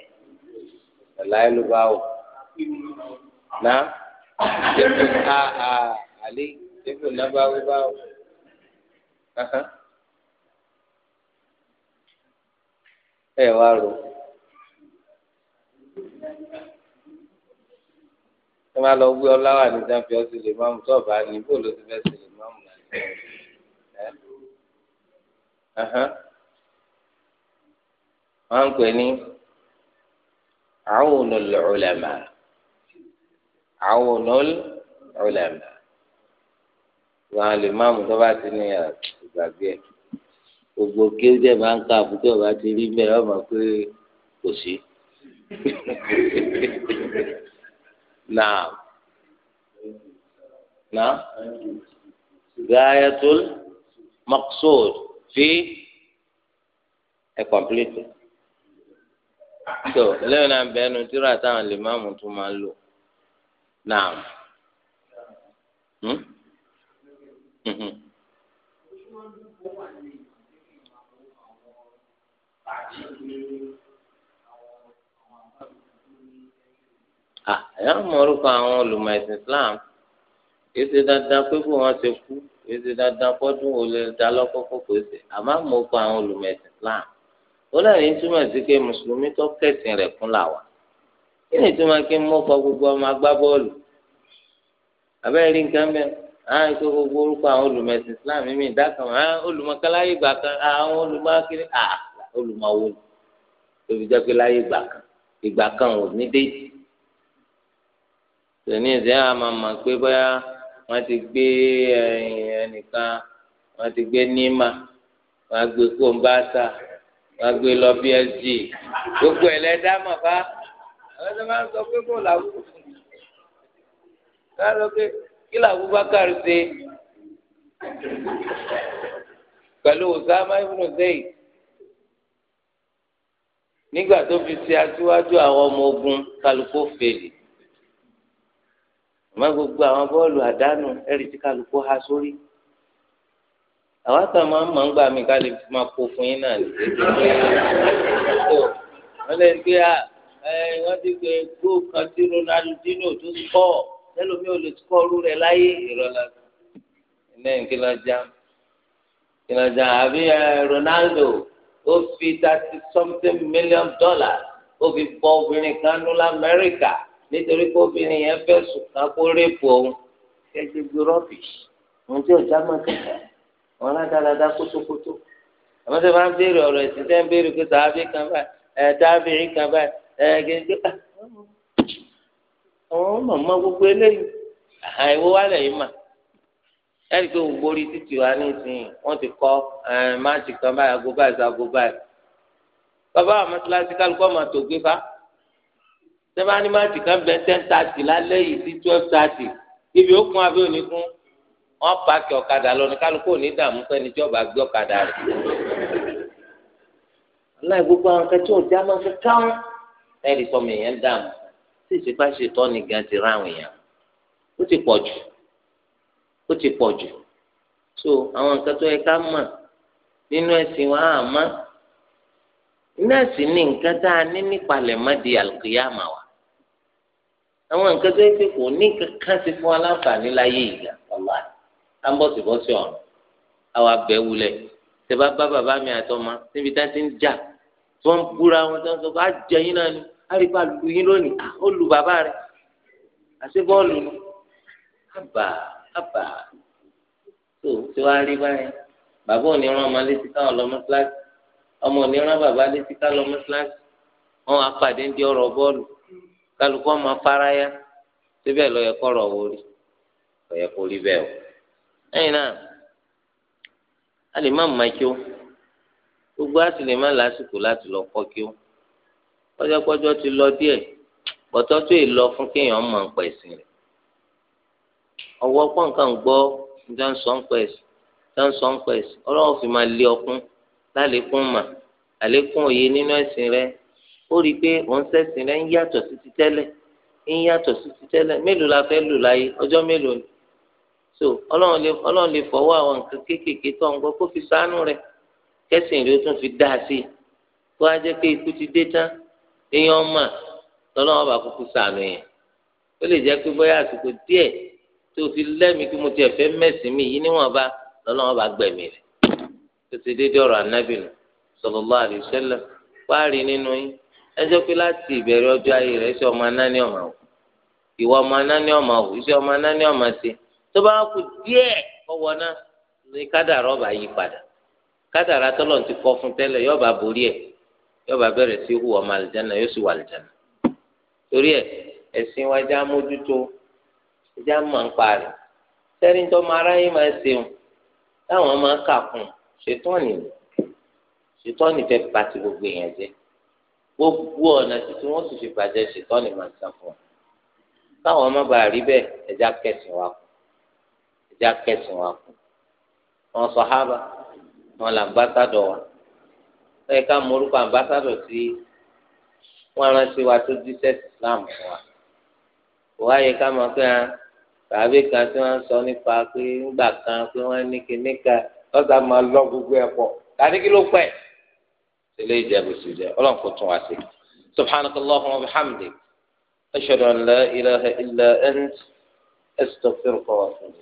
láyé ló bá wò ná jẹ́pù a a àlè jẹ́pù nábàáwí bá wò. ẹ wá rò ẹ máa lọ gbé ọláwà ní champion sí lè máàmù tó ọba ní bó ló ti fẹ́ sí lè máàmù náà. wọ́n ń pè ní. عون العلماء عون العلماء wọn lè má mú tó bá ti ní ìgbàgbé gbogbo kéwìdẹ máa ń ka àbújá ọba ti rí bẹ́ẹ̀ ọmọ pé kò sí náà náà gayatul maqsud fi ẹ kọ̀m̀plíìtì tó lẹ́yìn náà bẹ́ẹ̀ nu tíra táwọn lè má mú tó máa lò náà. Hmm? Mm-hmm. Ah, àyà mọ orúkọ àwọn olùmọ̀ ẹ̀sìn Islam èsì dandan pé kó wọn ṣe kú èsì dandan pọdún olè dalọ́kọ́kọ́ kò ṣe àmọ́ mọ orúkọ àwọn olùmọ̀ ẹ̀sìn Islam ó náà ní túmọ̀ sí pé mùsùlùmí tó kẹ̀sìn rẹ̀ kún làwà kí ni túmọ̀ kí n mú fọ gbogbo ọmọ agbá bọ́ọ̀lù abẹ́rẹ́ rí nǹkan bẹ́ẹ̀ àwọn ètò gbogbo orúkọ àwọn olùmọ̀ẹ̀sìn Islam mímì dákan àwọn olùmọ̀káláyé gbà kan àwọn olùmọ̀kiri olùmọ̀wò tóbi jẹ́ pé láyé gbà kan ìgbà kan ò ní déètì tòní ìsìn àwọn máa mọ̀ pé bóyá wọ́n ti gbé eh, ẹnìkan wọ́n ti gbé níma wọ́n á gbé kó ń bá ta gbàgbé lọ bsg gbogbo ẹ lẹdá mọ bá àwọn ẹsẹ máa ń sọ pé kò làwù ká lọ pé kí làwù bá kàrí ṣe pẹ̀lú Osama ibn Zayd nígbà tó fi ṣe aṣíwájú àwọn ọmọ ogun kálukó fèlè àmọ́ gbogbo àwọn bọ́ọ̀lù àdánù ẹ̀rì tí kálukó há sórí àwọn àtàn máa ń mọ̀ ń gbà mí ká lè máa kó fún yín náà ní ètò wọn lè gbé à wọ́n ti gbé gbó kan tí Ronaldinho tó sọ̀ ẹlòmíì ò lè sọ̀ ọrú rẹ̀ láyé ìrọ̀lá lẹ́yìn kí lọ́ọ́ àbí Ronaldo ó fi thirty something million dollars ó fi bọ́ obìnrin kan ní Amẹ́ríkà nítorí pé obìnrin yẹn fẹ́ sùn ká kó rèpù òun kẹgbẹgbẹ rọ́bìṣì wọn tí ò já máa kẹkẹ àwọn aládàáda kótókótó àmọ́ sẹ́ máa ń béèrè ọ̀rọ̀ ẹ̀sìn tẹ́ ń béèrè pé sàábì kan báyìí ẹ̀ dábìrì kan báyìí ẹ̀ gẹ́gẹ́ ah, àwọn ọmọ ọmọ gbogbo eléyìí àìwọ́ wálẹ̀ yìí mà ẹ̀rí pé gbogbo orí títì wa nísìnyí wọ́n ti kọ́ máàtì kan báyìí ago báyìí sago báyìí bàbá àwọn mọ́tíláṣí kálukú ọmọ tó gbé fa sẹ́ máa ní máàtì kan bẹ́ẹ̀ ten thirty lálẹ́ yìí sí twelve thirty ibi ó kún abẹ́ òní kún wọn paaki ọ̀kadà lọ kálukú òní dààmú pé ní jọba gbé ọ̀kadà rẹ̀ aláì gbogbo àwọn já máa fi káwọn ẹ̀rí sọmọ èèyàn dààmú tí ṣe ni gan ti ra àwọn èèyàn ó ti pọ̀ jù so àwọn nǹkan tó yẹ ká mọ̀ nínú ẹ̀sìn wa àmọ́ nọ́ọ̀sì ní nǹkan tá a ní nípalẹ̀ á ń bọ̀sibọ́sì ọ̀run àwọn abẹ́ wulẹ̀ tẹ́ bá bá bàbá mi àtọmọ níbi tá ti ń jà tí wọ́n ń búra wọn tó ń sọ pé á jẹ yín náà ni á rí bá lu yín lónìí à ó lu bàbá rẹ̀ àti bọ́ọ̀lù ni àbà àbà tó tí wàá rí báyìí bàbá òní rán ọmọ létí káwọn lọ mọ́sálásí ọmọ òní rán bàbá létí káwọn lọ mọ́sálásí wọn á pàdé ń di ọ̀rọ̀ bọ́ọ̀lù kálukú ọmọ afárá yá síbẹ̀ lọ́yẹ kọ́rọ̀ wọlé lọ́yẹ kó rí bẹ́ẹ̀ o. lẹ́yìn náà a lè má mọ kí gbogbo a sì lè má lásìkò láti lọ kọ kí ó ti lọ díẹ̀ bọ́tọ́ tó lọ fún kéèyàn Ọwọ gbọ fi máa lé ọkún lálékún mà àlékún òye nínú ó rí i pé òun ń sí ti ń sí ti mélòó la lò láyé ọjọ mélòó so ọla lè le lè fọwọ́ àwọn nǹkan kéékèèké tó ń kó fi ṣàánú rẹ̀ kẹ́sìn rẹ̀ ó tún fi dáa sí i kó a jẹ́ pé ikú ti dé tán èèyàn mà lọ́lọ́run bá kúkú ṣàánú yẹn ó lè jẹ́ pé bóyá àsìkò díẹ̀ tó fi lẹ́mìí kí mo tiẹ̀ fẹ́ mẹ́sìn mi yìí níwọ̀nba lọ́lọ́run bá gbẹ̀mí tó ti ọ̀rọ̀ wá rí nínú yín ẹ pé láti ìbẹ̀rẹ̀ ọjọ́ ọmọ ọmọ iṣẹ́ ọmọ tó bá kù díẹ̀ ọwọ́ náà ní kádàrá ọba yí padà kádàrá tọ́lọ̀ ti kọ́ fún tẹ́lẹ̀ yọba borí ẹ̀ yọba bẹ̀rẹ̀ sí hu ọmọ àlìjáná yóò sì wà àlìjáná torí ẹ̀ ẹ̀sìn wa já mójútó já mọ̀ ń parí sẹ́ni tó máa ráyè máa ṣeun táwọn máa kà fún ṣètò ọ̀nìyàn ṣètò fẹ́ bá gbogbo èèyàn jẹ́ gbogbo ọ̀nà tuntun wọ́n sì fi bàjẹ́ ṣètò máa ń sàn fún ọ táwọn ọmọ bá rí bẹ́ẹ̀ ẹja kẹsìn wa kù já kẹsìn wa kù wọn sọ hábà wọn là ambassadọ wa wọn yẹ ká morúkọ ambassadọ sí wọn rántí wa tó jíṣẹ́ islam fún wa wọn yẹ ká máa pé hàn tàbí kan tí wọn sọ nípa pé ńgbà kan pé wọn ní kíní kan lọ́sà máa lọ gbogbo ẹ̀ pọ̀ tàbí kí ló pẹ́ sílẹ̀ ìjẹ́bù sí jẹ́ ọlọ́run kò tún wá sí subhanakallahumma wa bihamdik ashhadu an la ilaha illa ant astaghfiruka wa atubu